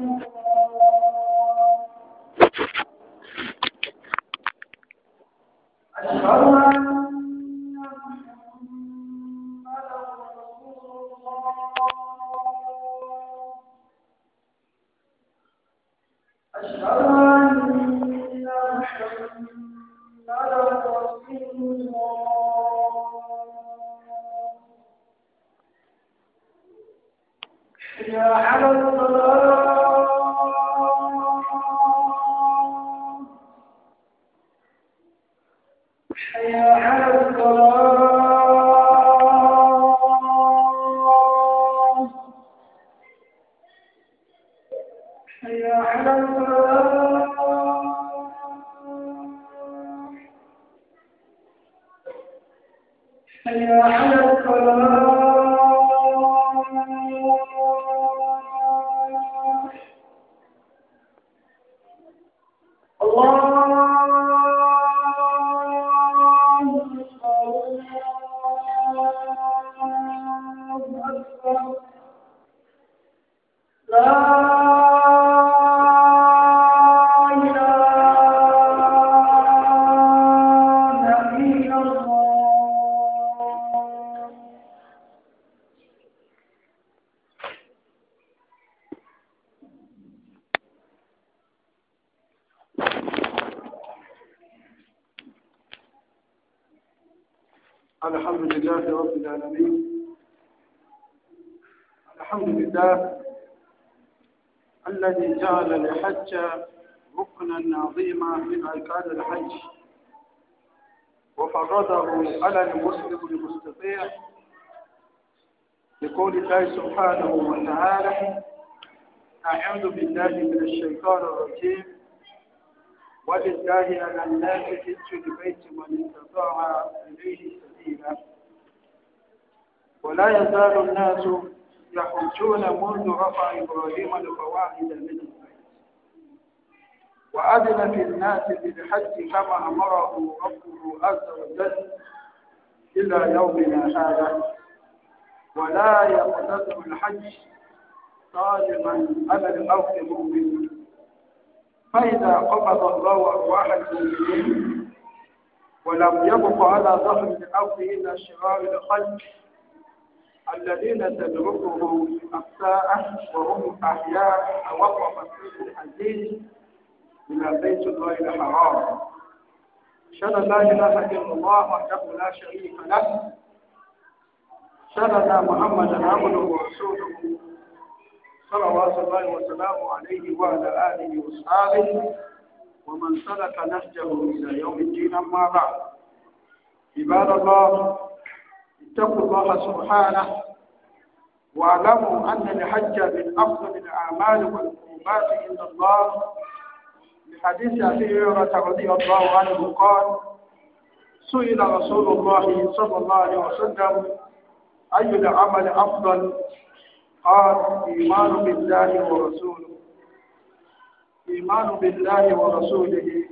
Thank you. الحمد لله الذي جعل الحج ركنا عظيما من أركان الحج وفرضه على المسلم المستطيع لقول الله سبحانه وتعالى أعوذ بالله من الشيطان الرجيم ولله على الناس حج البيت من استطاع إليه سبيلا ولا يزال الناس يخرجون منذ رفع إبراهيم القواعد منه وأذن في الناس بالحج كما أمره ربه عز وجل إلى يومنا هذا ولا يقتدر الحج طالبا على الأرض مؤمن فإذا قبض الله أرواح المؤمنين ولم يبق على ظهر الأرض إلا شرار الخلق الذين تدركه الساعة وهم أحياء توقف السيد العزيز من البيت الله الحرام أشهد أن لا إله إلا الله وحده لا شريك له أشهد أن محمدا عبده ورسوله صلوات الله وسلامه عليه وعلى آله وأصحابه ومن سلك نهجه إلى يوم الدين أما بعد عباد الله اتقوا الله سبحانه واعلموا أن الحج من أفضل الأعمال والقربات عند الله لحديث أبي هريرة رضي الله عنه قال سئل رسول الله صلى الله عليه وسلم أي العمل أفضل قال إيمان بالله ورسوله إيمان بالله ورسوله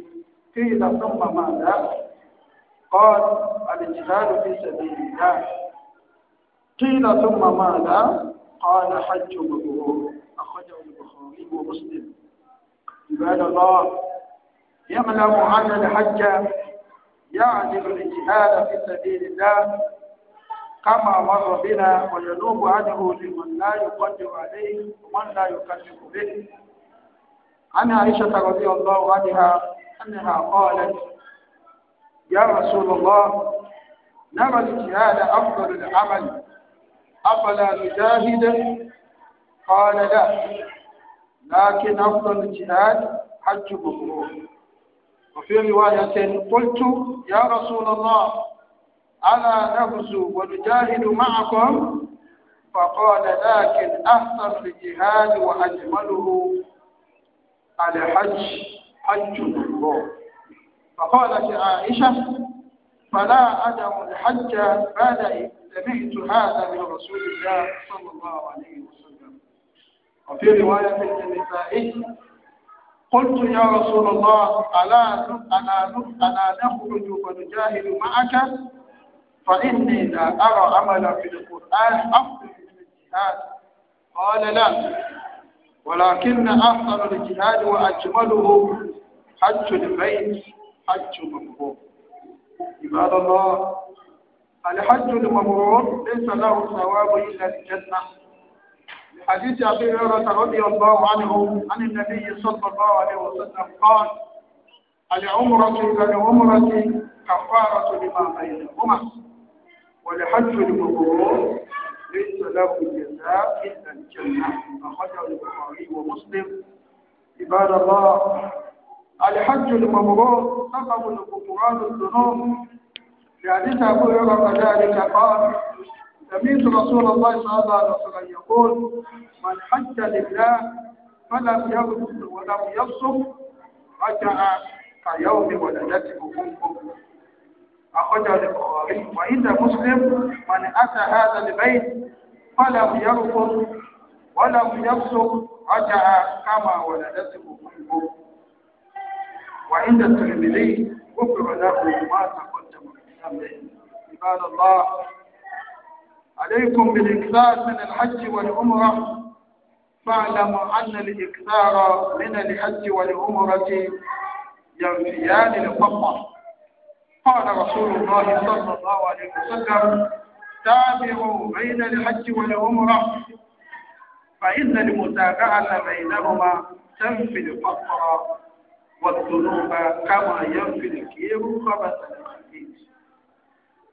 قيل ثم ماذا قال الجهاد في سبيل الله قيل ثم ماذا قال حج مبرور أخرجه البخاري ومسلم عباد الله يملأ عن الحج يعجب الجهاد في سبيل الله كما مر بنا وينوب عنه لمن لا يقدر عليه ومن لا يكلف به عن عائشة رضي الله عنها أنها قالت يا رسول الله نرى الجهاد أفضل العمل أفلا نجاهد قال لا لكن أفضل الجهاد حج مبرور وفي رواية قلت يا رسول الله ألا نغزو ونجاهد معكم فقال لكن أحسن الجهاد وأجمله الحج حج مبرور فقالت عائشة فلا أدم الحج بعد إن سمعت هذا من رسول الله صلى الله عليه وسلم وفي رواية للنسائي قلت يا رسول الله ألا ألا ألا نخرج ونجاهد معك فإني لا أرى عملا في القرآن أفضل من الجهاد قال لا ولكن أفضل الجهاد وأجمله حج البيت الحج مبرور عباد الله الحج المبرور ليس له ثواب إلا الجنة حديث أبي هريرة رضي الله عنه عن النبي صلى الله عليه وسلم قال العمرة كالعمرة كفارة لما بينهما والحج المبرور ليس له جزاء إلا الجنة أخرجه البخاري ومسلم عباد الله الحج المبرور سبب لكفران الذنوب لحديث أبو هريرة كذلك قال سمعت رسول الله صلى الله عليه وسلم يقول من حج لله فلم يرفض ولم يفسق رجع كيوم ولدته أمه أخرجه البخاري وعند مسلم من أتى هذا البيت فلم يرفض ولم يفسق رجع كما ولدته أمه وعند الترمذي غفر له ما تقدم من ذنبه عباد الله عليكم بالإكثار من الحج والعمرة فاعلموا أن الإكثار من الحج والعمرة ينفيان الفقر قال رسول الله صلى الله عليه وسلم تابعوا بين الحج والعمرة فإن المتابعة بينهما تنفي الفقر والذنوب كما ينفي الكير خبث الخبيث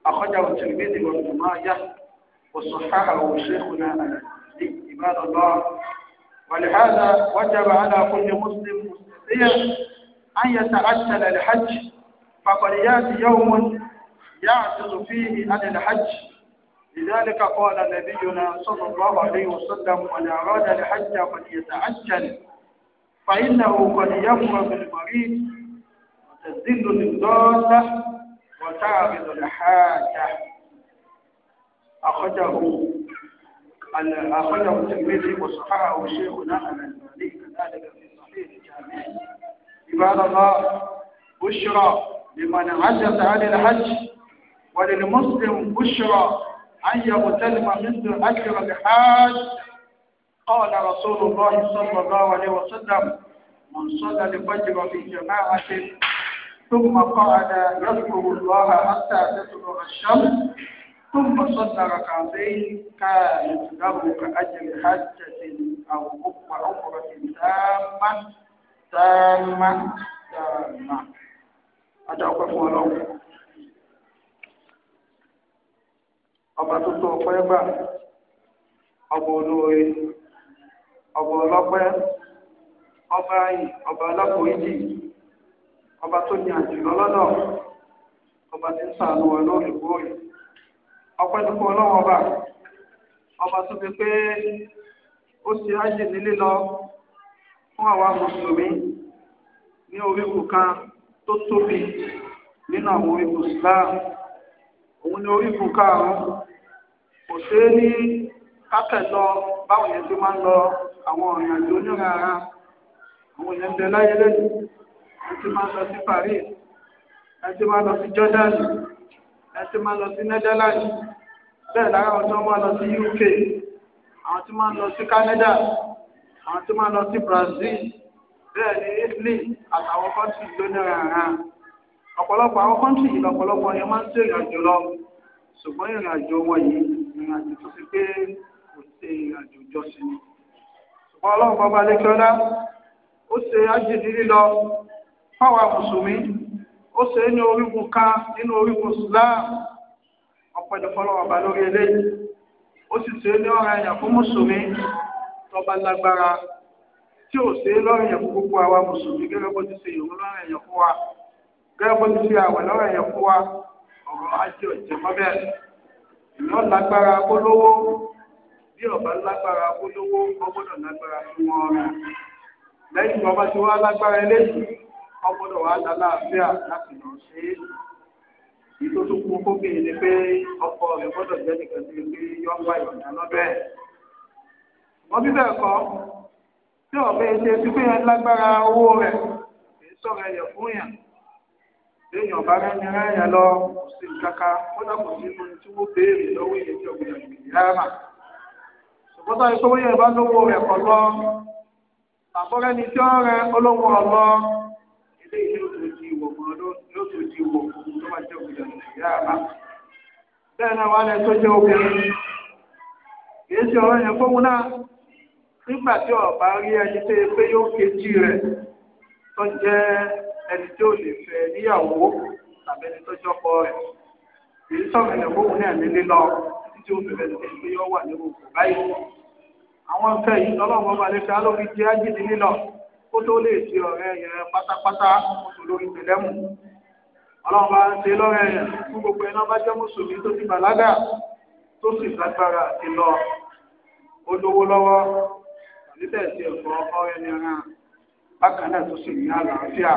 أخرجه الترمذي وابن ماجه وصححه شيخنا الألباني عباد الله ولهذا وجب على كل مسلم مستطيع أن يتعجل الحج فقد يأتي يوم يعجز فيه عن الحج لذلك قال نبينا صلى الله عليه وسلم من أراد الحج فليتعجل فإنه قد يمر بالمريض وتزل الضالة وتعرض الحاجة أخذه أخذه الترمذي وصححه شيخنا الألباني كذلك في صحيح الجامع عباد الله بشرى لمن عجز عن الحج وللمسلم بشرى أن يغتنم منذ أجر الحاج قال رسول الله صلى الله عليه وسلم من صلى الفجر في جماعة ثم قعد يذكر الله حتى تطلع الشمس ثم صلى ركعتين كانت له كأجر حجة أو عمرة تامة تامة تامة أتوقف ولو ọba tó tó ọpẹ́ gbà ọba olóore ọ̀pọ̀lọpẹ́ ọba ayì ọba alákòóyì ọba tó ní àjùlọ lọ́dọ̀ ọba tí ń sàánú wa lóòrèkóòrè ọpẹ́ tó kọ́ ọlọ́wọ́ ọba ọba tó fi pé ó ṣe ájì nílé lọ fún àwa mùsùlùmí ní orígun kan tó tóbi nínú àwọn orígun Islam òun ni orígun karùn-ún kò ṣeé ní kákẹ́ lọ báwọn yẹn ti máa ń lọ àwọn ọ̀nà tó ní rárá àwọn èèyàn bẹ láyé lẹ́nu láti máa lọ sí Paris láti máa lọ sí Jordan láti máa lọ sí Netherlands bẹ́ẹ̀ lára àwọn máa lọ sí UK àwọn tó máa lọ sí Canada àwọn tó máa lọ sí Brazil bẹ́ẹ̀ ni Italy àtàwọn kọ́ńtì tó ní rárá ọ̀pọ̀lọpọ̀ àwọn kọ́ńtì yìí lọ́pọ̀lọpọ̀ ni wọ́n máa ń ṣe ìrìnàjò lọ ṣùgbọ́n ìrìnàjò wọn yìí ìrìnàjò tó ti pé kò ṣe ìrìnàjò jọ́sìn ni. ọlọ́run bàbá lẹ́kọ́lá ó ṣe ájìdí lílọ fáwa mùsùlùmí ó ṣe ní orígun kan nínú orígun islam ọ̀pẹ̀lẹ̀ fọlọ́wọ́ lórí eléyìí ó sì ṣe ọ̀rọ̀ ẹ̀yà fún mùsùlùmí tọba lágbára tí lọ́rọ̀ fún gbogbo àwa mùsùlùmí gẹ́gẹ́ bó ti lọ́rọ̀ fún wa gẹ́gẹ́ bó ti àwẹ̀ lọ́rọ̀ fún wa ọ̀rọ̀ ajé ọ̀jẹ̀ ìlú kó bí ọba lágbára kó lówó ọgbọ́dọ̀ lágbára fún wọn rẹ̀ lẹ́yìn tí ọba ti wá lágbára eléyìí ọgbọ́dọ̀ wà lálàáfíà láti lọ sí ìtòtò kún kókè ni pé ọkọ rẹ̀ gbọ́dọ̀ jẹ́ nìkan tí pé yọ̀ọ́ gba ìyọ̀ǹda lọ́dọ̀ ẹ̀ wọ́n bí bẹ́ẹ̀ kọ́ tí ọ̀bẹ ṣe ti pé yẹn lágbára owó rẹ̀ kì í sọ̀rọ̀ ẹ̀yẹ̀ fún yàn léèyàn bá rẹ́ni rẹ́yìn lọ kò sí kàkà ó dàpọ̀ sínú tí wọ́n béèrè lọ́wọ́ èyí tí ọ̀gbìn ọ̀gbìn yára wọ́n sọ ìṣòwò yẹn bá lówó rẹ̀ kọ́ lọ àbọ̀rẹ́ ni tí ó olówó ọlọ ilé ìṣe lóṣù ti wò fún lóṣù ti wò fún tó bá jẹ́ òkúta ìyá àbá bẹ́ẹ̀ náà wà lẹ́yìn tó jẹ́ obìnrin kì ṣe ọ̀rọ̀ yẹn fóun náà nígbà tí ọba rí ẹni tó yẹ pé yóò kejì rẹ̀ tó jẹ́ ẹni tó lè fẹ́ níyàwó tàbí ẹni tó jọ́kọ tí o bẹ̀rẹ̀ sí pé yọ wà nínú kò báyìí. àwọn nǹkan yìí lọ́lọ́wọ́ bá lè fẹ́ lórí jẹ́ ájìdí lílọ kó tó lè di ọ̀rẹ́ yẹn pátápátá olórí tẹ̀lẹ́mù. ọlọ́run bá ń ṣe lọ́rẹ́ yẹn fún gbogbo iná bá jẹ́ mùsùlùmí tó ti bàlágà tó sì lágbára àti lọ olówó lọ́wọ́ nítẹ̀sí ẹ̀kọ́ ọ̀rẹ́ ní ara bákan náà tó sì ní àlàáfíà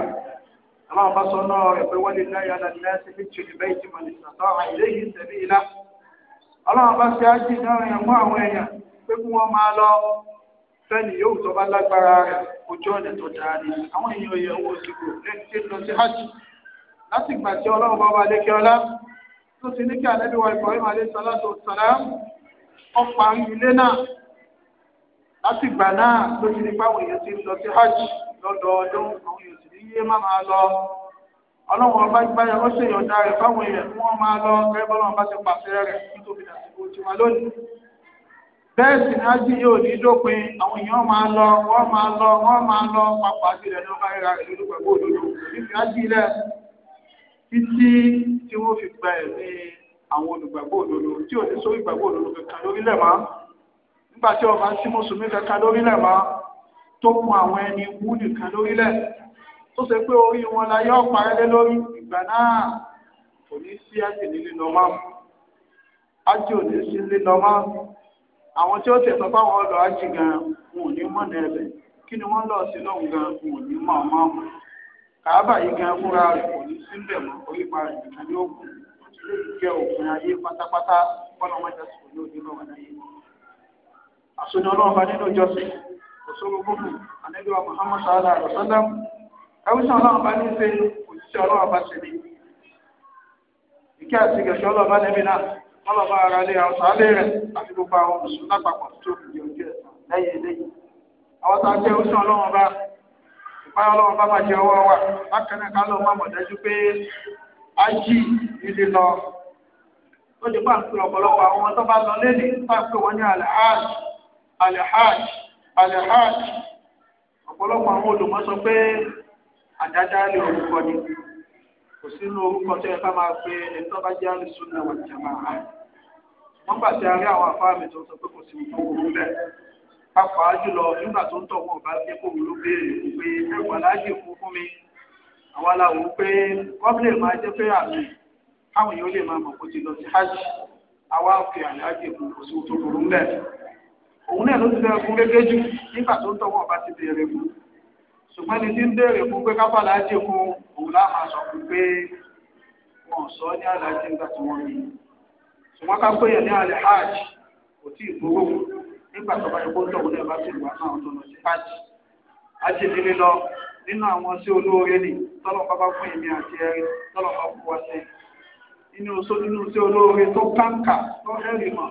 àwọn àbáṣọ náà rẹ̀ pé wọ́n lè láyà láti láyà sí méjì bẹ́ẹ̀ tí mo lè sàtọ́ àìlẹ́yìn tẹ̀lé ìlà ọlọ́run bá ṣe ájì náà yẹn mú àwọn èèyàn pé kí wọ́n máa lọ fẹ́ni yóò tó bá lágbára rẹ̀ ojú ọ̀nà tó dáa ni àwọn èèyàn yẹn owó ìdìbò lẹ́ni tí lọ sí ájì láti gbà tí ọlọ́run bá wà lékè ọlá tó ti ní kí ànábì wa Ibrahim alayhi salatu wassalam ó parí ilé náà láti gbà náà tó ti ní pàwọn èèyàn ti lọ sí ájì lọ́dọọdún àwọn èèyàn sì ní yé má máa lọ ọlọ́run ọba gbáyà ó ṣe ìyọ̀dá rẹ̀ fáwọn èèyàn tí wọ́n máa lọ gẹ́gẹ́ bọ́lọ́run bá ti pàṣẹ rẹ̀ nítorí àsìkò tiwa lónìí bẹ́ẹ̀ sì ni ájí yóò ní dópin àwọn èèyàn máa lọ wọ́n máa lọ wọ́n máa lọ pàápàá jùlọ ní ọba ìra rẹ̀ lórí pẹ̀lú òdodo fífi ájí lẹ̀ títí tí wọ́n fi gba ẹ̀mí àwọn olùgbàgbọ́ òdodo tí ò ní sórí ìgbàgbọ́ òdodo kankan lórílẹ̀ tó ṣe pé orí wọn la yọ parẹ́lẹ́ lórí ìgbà náà kò ní sí ájì nílé lọ́mọ́ ájì ò ní sí nílé lọ́mọ́ àwọn tí ó tẹ̀sọ́ fáwọn ọlọ́ ájì gan wọn ò ní mọ̀nà ẹ̀bẹ̀ kí ni wọ́n lọ sí lọ́hùn gan wọn ò ní mọ̀ ọmọ kàábà yìí gan fúnra rẹ̀ kò ní sí bẹ̀ mọ́ orí nìkan ní òkun ayé pátápátá wọn jẹ́ sùn ní lọ́wọ́ náà ẹwùsàn ọlọ́run bá ní ṣe òṣìṣẹ́ ọlọ́run bá ṣe ní. ìkẹ́ àti ìgẹ̀ṣọ́ a jẹ́ òṣìṣẹ́ ọlọ́run bá ìpáyọ̀ ọlọ́run bá máa jẹ ọwọ́ wa bákan náà ká lọ má mọ̀ dájú pé á yí ilé lọ. ó ti bá ń pè ọ̀pọ̀lọpọ̀ àwọn ọmọ tó bá lọ lé ní bá ń pè wọ́n ní alhaj alhaj alhaj ọ̀pọ̀lọpọ̀ àwọn olùmọ̀ sọ pé àdáadáa lè orúkọ ni kò sínú orúkọ tó yẹ ká máa pe ẹni bá jẹ́ àlùsùn náà wà ní jàmáà wọ́n gbà tí a rí àwọn afárá mi tó sọ pé kò sí nǹkan òwú bẹ́ẹ̀ pàápàá jùlọ nígbà tó ń tọ̀ wọ́n bá dé kó wúlò béèrè pé ẹ̀wà láàyè fún fún mi àwọn aláwo pé gọ́bìnrin máa jẹ́ pé àmì káwọn yóò lè máa mọ̀ kó ti lọ sí hajj àwa òkè àláàyè fún kò sí òtò burú bẹ́ẹ̀ òun náà ló ti fẹ́ fún gẹ́gẹ́ jù nígbà tó ń tọ̀ wọ́n bá ti béèrè fún ṣùgbọ́n ní tí ń béèrè fún pé káfàlà á dìkú òun láàmà sọ fún pé wọn sọ ní aláàjì nígbà tí wọ́n rí ṣùgbọ́n ká péye ní alẹ́ hajj kò tí ì gbowó nígbà tó bá yẹ kó tọ̀wọ́ náà bá ti wà náà tó lọ sí hajj hajj nílé lọ nínú àwọn sí olóore nì tọ́lọ̀ bá bá fún èmi àti ẹ̀rí tọ́lọ̀ bá fún wa sí inú oṣó nínú sí olóore tó kàǹkà tó ẹ̀rì mọ̀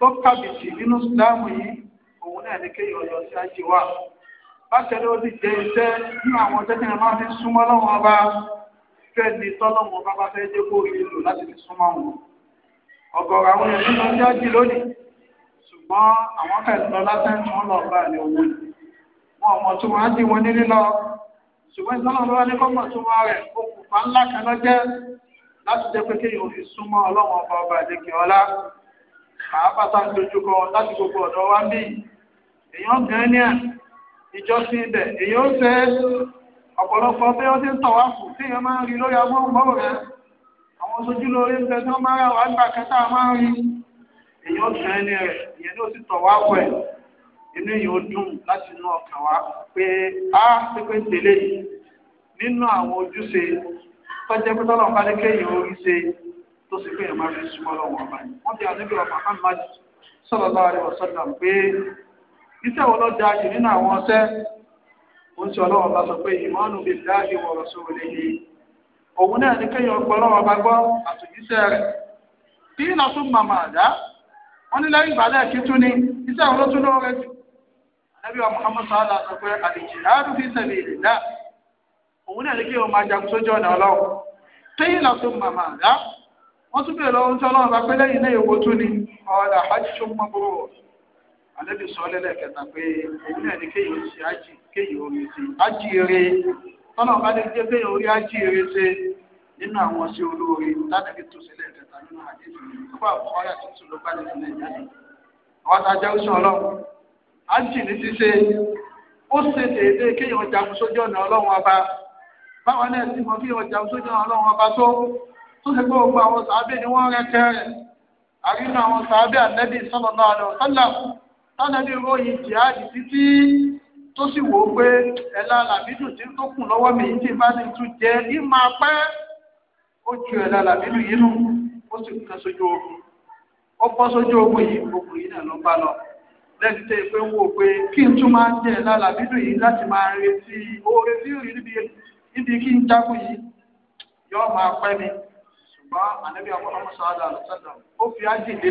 tó kàbìtì nínú sùdáàmù yìí òun náà ní kéèyàn lọ sí hajj wà bákẹ́rẹ́ ó sì jẹ́ iṣẹ́ ní àwọn ọjọ́ tí wọ́n máa fi súnmọ́ lọ́wọ́ ọba fẹ́ ni tọ́lọ́wọ́ ọba bá fẹ́ jẹ́ kó rí lò láti fi súnmọ́ wọn. ọ̀gọ̀rọ̀ àwọn èèyàn ló ń jáde lónìí ṣùgbọ́n àwọn kẹ̀lọ́ lásán tí wọ́n lọ bá ní owó yìí. wọn ọmọ tó wọn á dì wọn ní lílọ ṣùgbọ́n ìtọ́lọ́wọ́ bá ní kọ́mọ̀ tó wọn rẹ̀ okùnfà ńlá kan lọ́jẹ́ láti jẹ́ pé kéèyàn fi súnmọ́ ọlọ́wọ́n ọba ọba àdékè ọlá pàápàá tá a dojúkọ láti gbogbo ọ̀dọ́ wa ń bì èèyàn gan ní à ìjọsìn ibẹ̀ èyí ó ṣe ọ̀pọ̀lọpọ̀ bí wọ́n ti ń tọ̀wá fún tí máa ń rí lórí agbóhùnbọ́wọ̀ rẹ̀ àwọn lórí ń bẹ tí wọ́n máa ń rà wá kẹta máa ń rí èyí ó rẹ̀ ìyẹn ló ti tọ̀wá fún ẹ̀ inú yìí ó dùn láti inú ọkàn wa pé tẹ̀lé nínú àwọn ojúṣe tọ́jẹ́ pé tọ́lọ̀ balẹ̀ kéèyàn orí ṣe tó iṣẹ́ wo ló da jù nínú àwọn ọṣẹ́ ó ń sọ ọlọ́wọ́ bá sọ pé ìmọ̀ọ́nù bíi dáàbì wọ̀ ọ̀rọ̀ sórí lẹ́yìn òun náà ní kéèyàn gbọ́ ọlọ́wọ́ bá gbọ́ àtòjíṣẹ́ rẹ̀ kí ní lọ́sùn màmá àdá wọ́n ní lẹ́yìn ìgbà náà tún ní iṣẹ́ wo ló tún lọ́wọ́ rẹ̀ jù ànábì wa Muhammad sallá sọ pé àlejò àádùn fi sẹ̀lẹ̀ èdè náà òun náà ní kéèyàn máa jagun sójú ọ̀nà ọlọ́wọ́ kí ní lọ́sùn màmá àdá wọ́n àlẹ́bí sọ lẹ́lẹ́kẹta pé èyí náà ni kéyìí ṣe ájì kéyìí orí ṣe ájì eré tọ́nà bá lè jẹ́ kéyìí orí ájì eré ṣe nínú àwọn sí olóore tánàbí tó sílẹ̀ kẹta nínú àdéhùn nígbà ọ̀rẹ́ tuntun ló bá lè sílẹ̀ jáde àwọn àtàjẹ́ oṣù ọlọ́run ájì ní ṣíṣe ó ṣe déédéé kéyìí ọjà sójú ọ̀nà ọlọ́run ọba báwọn náà sì mọ bí ọjà sójú ọ̀nà ọlọ́run ọba tó tó ṣe pé gbogbo àwọn sàábẹ̀ ni wọ́n rẹ́ kẹrẹ̀ àrínú àwọn sàábẹ̀ ànẹ́bí sallallahu alaihi wasallam tánàbí ròyìn jihadi títí tó sì wò ó pé ẹ̀la làbídù tí tó kù lọ́wọ́ mi tí ti bá ti tún jẹ ní máa pẹ́ ó ju làbídù yìí nù ó sì kàn sójú ogun ó bọ́ sójú ogun yìí ogun yìí náà ló bá lọ lẹ́yìn tẹ́ pé ń wò pé kí n tún máa ń làbídù yìí láti máa retí mi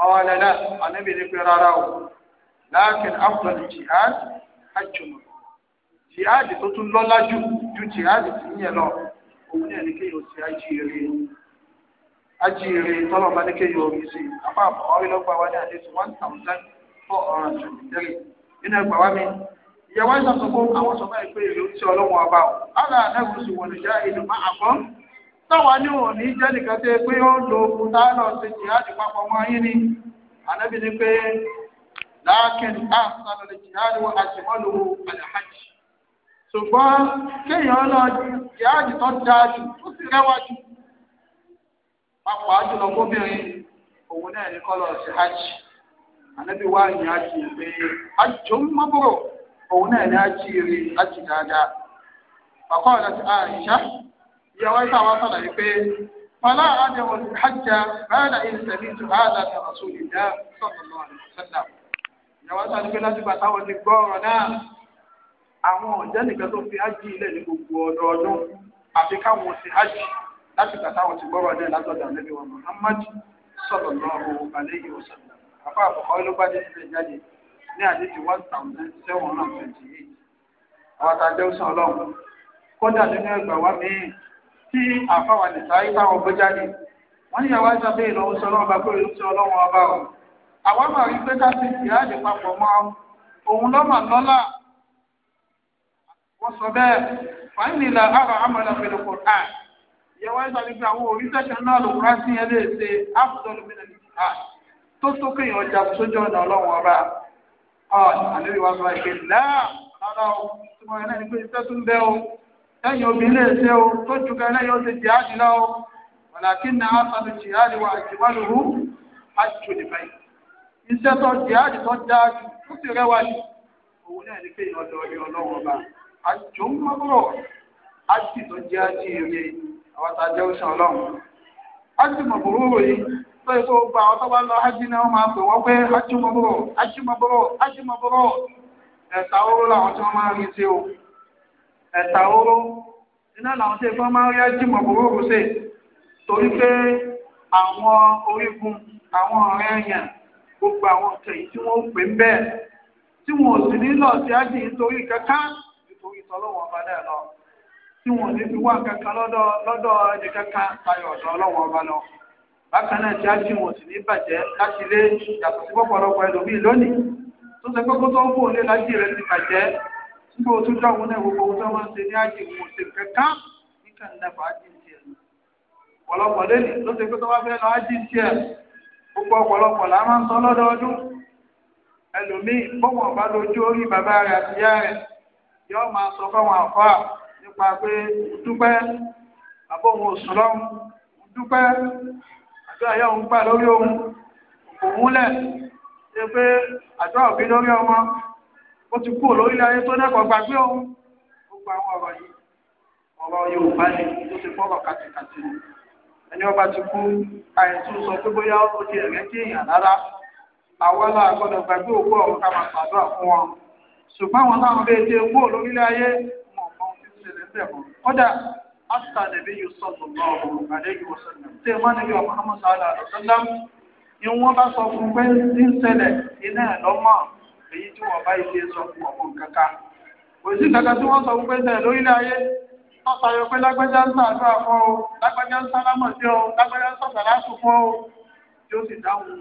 قال لا أنا برقراره لكن أفضل الجهاد حج jihadi tó tún lọ́lá jù ju jihadi tí yẹn lọ òun ní ẹni kéèyàn sí ajíire ajíire tọ́lọ̀ bá ní kéèyàn omi sí apá àbọ̀wárí lọ́gbà wá ní àdéhùn one thousand four hundred and twenty three nínú ẹgbà wá mi ìyàwó ìsàtúnkún àwọn sọ báyìí pé èrè ń tí ọlọ́wọ́n ọba ọ̀ ara àdàgùn sì wọ̀lẹ̀ já ìlú máa àgbọ̀n táwa ní òun ní jẹ́ nìkan tẹ́ pé ó lo ogun táàlọ́ papọ̀ mọ́ yín ni ànábì ni pé láàkín àṣàlọ̀ lè jihadi wọn àṣìmọ́lò àlàájì ṣùgbọ́n kéèyàn lọ jihadi tó dáa jù tó sì rẹwà papọ̀ àjùlọ gómìnrin òun náà ní hajj ànábì wá ní hajj pé àjò ń mọ́bùrọ̀ òun náà hajj rí hajj dáadáa. ti ìyàwó ìta wa sàlàyé pé fàlà àdéhùn ìhàjà báyìí láì sẹ̀mí tó bá àdá ní rasul ìdá sọ̀tọ̀lọ́ àdìsọ́lá ìyàwó sàlàyé pé láti bàtà wọn ti gbọ́ ọ̀rọ̀ náà àwọn ọ̀jẹ́ nìkan tó fi ájì ilẹ̀ ní gbogbo ọdọọdún àfi káwọn ti ájì láti bàtà wọn ti gbọ́ ọ̀rọ̀ náà látọ̀dọ̀ àlẹ́bí wa Muhammad sọ̀tọ̀lọ́ àlẹ́yẹ ọ̀sán àfa àkọ́kọ́ ló bá dé sílẹ̀ jáde ní àdéhùn one thousand seven hundred twenty eight àwọn àtàjẹ́ ọ̀sán ọlọ́run kódà nínú ẹgbàá wa mí-ín tí àfáwà nìta ìtàwọn gbé jáde wọ́n yà wá jábẹ́ ìlọ́wọ́ sí ọlọ́run bá pé ìlú sí ọba o àwa máa rí pé ká ti jìhádì papọ̀ mọ́ òun lọ́mà lọ́lá wọ́n sọ bẹ́ẹ̀ wọ́n ní ilà àrà àmàlà pẹ̀lú kọ̀ọ̀tà ìyẹn wọ́n yà wípé àwọn oríṣẹ́ṣẹ́ náà ló kúrá sí ẹ léèṣe áfùdọ́lù mi lẹ́nu ìhà tó tó kéèyàn ọjà sójú ọ̀nà ọlọ́run ọba ọ̀ àlẹ́ ìwà sọ ìgbẹ́ ẹ̀yìn obìnrin ẹ̀ṣẹ́ o tó jùgẹ́ lẹ́yìn oṣù jihadi lọ wàlàkí ní asàlù jihadi wà ìjìbálùú àjò nípa yìí iṣẹ́ tó jihadi tó dáa tó sì rẹwà òun ní tó a ikú gba bá lọ máa pé ẹ̀ta oró tí wọ́n máa rí ẹ̀ta oró iná làwọn tí ẹgbọ́n máa ń rí ájímọ̀ òwúrò ṣe torí pé àwọn orígun àwọn ọ̀rẹ́ èèyàn gbogbo àwọn kẹ̀yìn tí wọ́n pè ń bẹ́ẹ̀ tí wọn ò sí ájì ọba náà lọ tí wá kankan lọ́dọ̀ lọ́dọ̀ ẹni kankan tayọ̀ ọ̀dọ̀ ọba lọ bákan náà tí ájì wọn bàjẹ́ láti lé yàtọ̀ sí pọ̀pọ̀lọpọ̀ ẹlòmíì lónìí tó nígbà tó dáwọn náà gbogbo ohun tó wọ́n ṣe ní àjè kò ṣe kẹta níkà ń dàbà ájì ń tiẹ̀ ọ̀pọ̀lọpọ̀ lẹ́nu ló ṣe pé tó bá fẹ́ lọ ájì ń tiẹ̀ gbogbo ọ̀pọ̀lọpọ̀ là máa ń sọ lọ́dọọdún ẹlòmíì bọ́wọ̀n bá lójú orí bàbá rẹ̀ àti ìyá rẹ̀ yóò máa sọ fáwọn àfọ́ nípa pé dúpẹ́ àbóhun òsùn ó ti kú lórílẹ̀ ayé tó nẹ́kọ̀ọ́ gbàgbé òun gbogbo àwọn ọ̀rọ̀ yìí ọ̀rọ̀ Yorùbá ni ó ti fọ́rọ̀ kàtìkàtì ni ẹni ọba ti kú àìsùn sọ pé bóyá ó ti ẹ̀rẹ́ tí èèyàn rárá àwa náà gbọ́dọ̀ gbàgbé òkú ọ̀run ká máa ṣàdúrà fún wọn ṣùgbọ́n àwọn táwọn bẹ́ẹ̀ ti kú lórílẹ̀ ayé wọn kọ́ ti ṣẹlẹ̀ ń bẹ̀ mọ́ kódà ásà nàbí yóò sọ̀tọ̀ lọ́wọ́ àlejò ọ̀sán tẹ́ ẹ̀ má nàbí ọ̀pọ̀ àmọ́ sàálà àlọ́sọ́lá ni wọ́n bá sọ fún pé ń ṣẹlẹ̀ iná ẹ̀ lọ́mọ́ èyí tí wọ́n bá ilé sọ fún ọ̀gbọ̀n kankan kò sí kankan tí wọ́n sọ fún pẹ́sẹ̀ lórílẹ̀ ayé wọ́n sọyọ pé lágbájá ń sàdúrà fún ọ lágbájá ń sálámọ̀ sí ọ lágbájá ń sọ̀tà láṣù fún ọ yóò sì dáhùn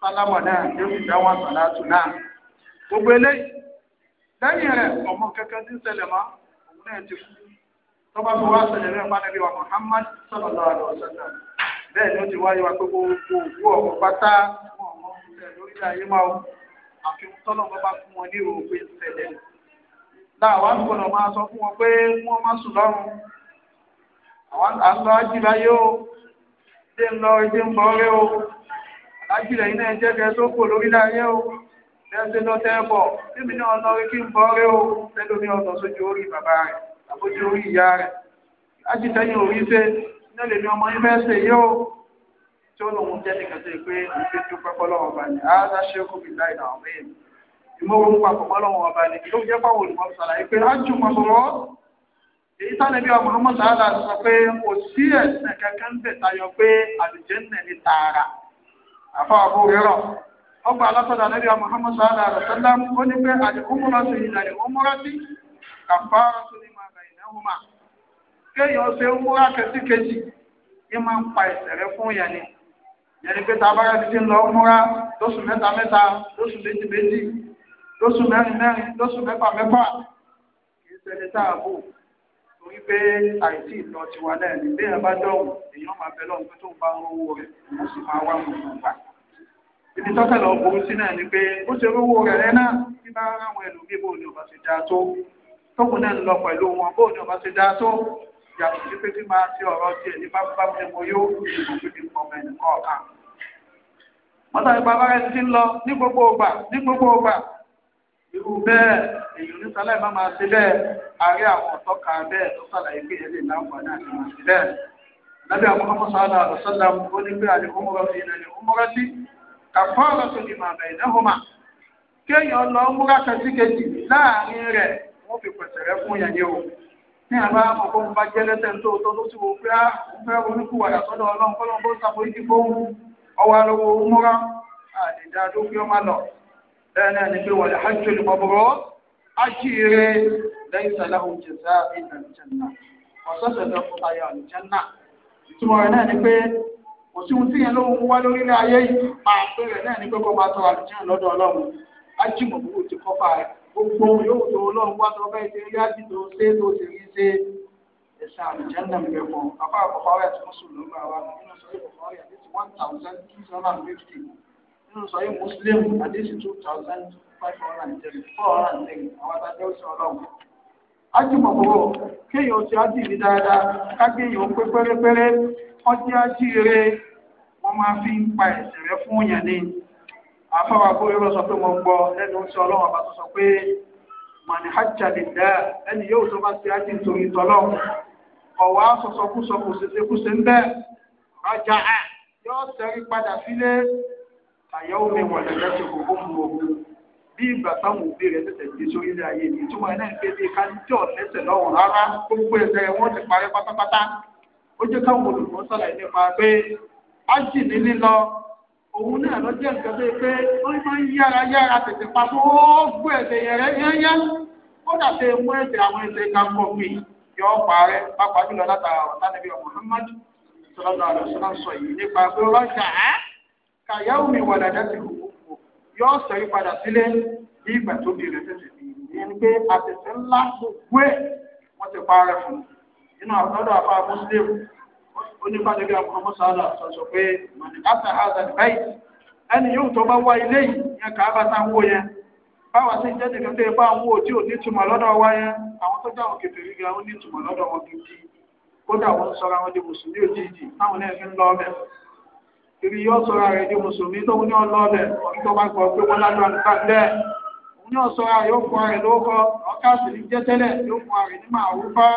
sálámọ̀ náà yóò sì dáhùn àsàlátù náà gbogbo eléyìí lẹ́yìn rẹ̀ ọmọ kankan tí ń mọ́ òun náà ti kú tọ́ba tó wá ṣẹlẹ̀ rẹ̀ pánẹ́lì wa Muhammad sallallahu alaihi wasallam bẹ́ẹ̀ ni ó ti wáyé wa pé gbogbo ọ̀pọ̀ pátá wọn ọmọ àfi tọ́lọ́mọ bá fún wọn ní òwe ìṣẹ̀lẹ̀ láàwọn gbọ́dọ̀ máa sọ fún wọn pé wọ́n má sùn lọ́rùn àwọn àlọ́ ajílá yóò dé ń lọ ìdí ń bọ́ọ́rẹ́ o ajílẹ̀ iná ẹjẹ́ kẹ tó kò lórí láyé o lẹ́sẹ̀ lọ tẹ́ bọ̀ tèmi náà lọ rí kí ń bọ́ọ́rẹ́ o tẹ́lómi ọ̀nà sójú orí bàbá rẹ̀ àbójú orí ìyá rẹ̀ ajílẹ̀ yìí ò rí ṣe ní ọmọ yín fẹ́ ṣe yóò tí ó lòun jẹ́ nìkan tó yẹ pé ìṣe tí ó pẹ́ fọlọ́wọ́ ọba ni àádá ṣe kó fi láì náà mí ìmọ̀wòrán papọ̀ fọlọ́wọ́ ọba ni ló jẹ́ fáwọn olùkọ́ sàlàyé pé ájú pọ̀pọ̀rọ̀ èyí sáré bí ọmọ ọmọ sàlá sọ pé kò sí ẹ̀sìn kankan bẹ̀ tayọ pé àlùjẹ́nà ní tààrà àfọ àbò rírọ̀ ọgbà alásọ̀dà níbi ọmọ ọmọ sàlá sọlá ó ní pé àdìkúmúrọ̀sì ìdàrí ọmọrọ̀sì kàfárọ̀sì ní màgà ìnáwó kéèyàn ṣe ń múra kẹsíkejì ní máa ń pa ẹ̀ṣẹ̀ fún yẹn ni yẹni pé tabara ti ti lọ múra lóṣù mẹ́ta mẹ́ta lóṣù méjì méjì lóṣù mẹ́rin mẹ́rin lóṣù mẹ́fà mẹ́fà kì í ṣẹni tá a bò torí pé àìsí ìlọ tiwa náà ní bí ẹ bá dọ̀wọ̀ èèyàn máa bẹ lọ́wọ́ pé tó ń bá owó rẹ̀ mo sì máa wá mo sùn gbà. ibi tọ́kẹ̀ lọ burú sí náà ni pé ó ṣe owó rẹ̀ rẹ̀ náà bí bá ráwọn ẹlòmíì bóun ni ọba ti dáa tó tókùn náà lọ pẹ̀lú wọn bóun ni ọba ti dáa tó yàtọ̀ sí pé kí máa ṣe ọ̀rọ̀ tiẹ̀ ní bámúbámú ni mo yóò fi ìbùkún ní ọmọ ẹnì kọ̀ọ̀kan. mọ́tò nípa bá rẹ̀ ti ń lọ ní gbogbo ògbà ní gbogbo ògbà irú bẹ́ẹ̀ èyí ní sáláì má máa ṣe bẹ́ẹ̀ àárẹ̀ àwọn ọ̀tọ́ka bẹ́ẹ̀ tó sàlàyé pé láǹfààní ní àbá ọkọ̀ ń bá jẹ́ lẹ́sẹ̀ tó tó tó sì wò pé á ah, fẹ́ oníkùwàdà sọ́dọ̀ ọlọ́run kọ́lọ́n bó sàpò ìdí fóun ọwọ́ alówó múra àdìdá dúkìá má lọ bẹ́ẹ̀ náà ni pé ọ̀sọ̀sẹ̀ lọ fún ìtumọ̀ rẹ̀ náà ni pé kò sí ohun tí yẹn ayé yìí máa rẹ̀ náà ni pé máa tọrọ gbogbo ohun yóò tó ọlọ́run wá tó bá ìṣe rí ájì tó ṣe tó ṣe rí ṣe ẹ̀sìn àlùjẹ́ndà ńbẹ fún bàbá àbọ̀fáwé àti mùsùlùmí gbà wá nínú sọ yìí bàbá àyà àti one thousand two hundred and fifty nínú sọ yìí muslim àti two thousand five hundred and ten four hundred and ten àwọn adájọ́ ìṣe ọlọ́run. ájì pọ̀pọ̀ kéèyàn ti ájì rí dáadáa kákéèyàn pé pérépéré ọjọ́ ájì rẹ wọ́n máa fi ń pa ẹ̀sìn rẹ fún yàn àfáwà gbóyè rọ sọ pé mo ń gbọ́ lẹ́nu oṣù ọlọ́run bá tó sọ pé mọ̀nì hajj àdìdá ẹni yóò tó bá ti ájì nítorí tọ́lọ́run ọ̀wá sọ̀sọ̀kúsọ kò ṣeṣe kú ṣe ń bẹ́ẹ̀ rájà á yóò tẹ̀rí padà sílé àyẹ̀wò mi wọ̀lẹ̀ lẹ́sẹ̀ kò kó mu òkú bí ìgbà táwọn òbí rẹ̀ tẹ̀tẹ̀ gbé sórí ilé ayé mi ìtumọ̀ iná ìgbé bíi káńtíọ̀ lẹ́sẹ̀ lọ́rùn rárá gbogbo ẹ̀sẹ̀ wọn ti parẹ́ pátápátá ó jẹ́ káwọn olùkọ́ sọ̀rọ̀ nípa pé ájì ní lílọ òun náà lọ jẹ́ nǹkan bíi pé ó máa ń yára yára tètè pa gbogbo ẹ̀sẹ̀ yẹn rẹ̀ yányá kódà tẹ mú ẹ̀sẹ̀ àwọn ẹ̀sẹ̀ kankan mi yọ ọ̀pá rẹ̀ pápá jùlọ látara ọ̀tá níbi ọmọ sọ yìí nípa pé ó rọ́ṣà á wà yọ sọ yí padà ní ìgbà tó di rẹ̀ pé ńlá onye àkọ́kọ́ sọ́dọ̀ sọ̀sọ̀ pé mọ̀nìkátà hazard báyìí ẹni yóò tó bá wá ilé yìí yẹn kà á bá tá ń wó yẹn báwa sì jẹ́ nìkan tó yẹ bá ń wó tí ò ní túmọ̀ lọ́dọ̀ yẹn àwọn tó ga ó ní fi ń ìrì yóò sọra rẹ̀ di mùsùlùmí tó ní ọlọ́ọ̀bẹ̀ tó bá gbọ́ ara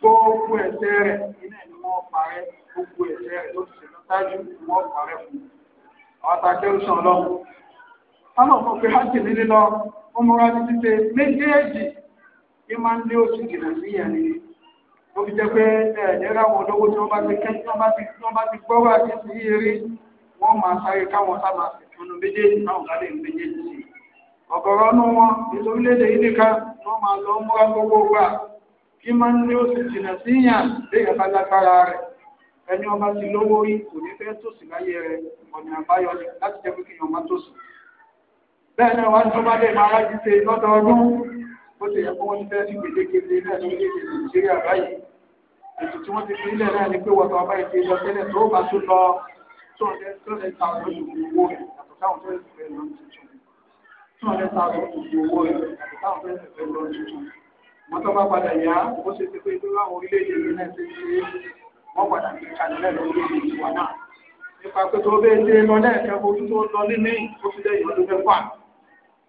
gbogbo ẹ̀ṣẹ̀ rẹ̀ iná ni wọ́n parẹ́ gbogbo ẹsẹ rẹ ló ti ṣe lọ́tájú wọ́n parẹ́ fún Ọ àwọn àtàkẹ́ òṣàn ọlọ́run táwọn ọmọ pé hajj nílé lọ ó múra ní títẹ méjèèjì máa ń lé oṣù jìnnà sí ó fi pé àwọn tí bá ti tí bá ti wọ́n máa sáré káwọn sábà méjèèjì táwọn lè méjèèjì sí Ọgọrọ wọn yìí nìkan máa lọ kí máa ń lé oṣù jìnà sí yàn léyìn bá lágbára rẹ̀ ẹni ọba ti lówó rí kò ní fẹ́ tòsí láyé rẹ̀ ọ̀nà àbáyọ ni láti jẹ́ pé kéèyàn má tòsí. bẹ́ẹ̀ náà wá ń tó bá lè máa rájí ṣe lọ́dọọdún bó ti yẹ kó wọ́n ti fẹ́ sí gbèdéke náà ní orílẹ̀-èdè nàìjíríà báyìí ètò tí wọ́n ti fi ilẹ̀ náà ni pé wọ́n tọ́ba ìdí lọ tẹ́lẹ̀ tó bá tún lọ two hundred thousand owó rẹ̀ àtọ̀ wọ́n tó bá padà yá ó ṣe ti pé tó láwọn orílẹ̀-èdè yìí náà ti ṣe wọ́n padà ní kanilẹ̀ lórílẹ̀-èdè tiwa náà nípa pé tó bẹ́ẹ̀ ṣe lọ lẹ́ẹ̀kẹ́ ojú tó lọ nílé ó ti lẹ́yìn ọdún mẹ́fà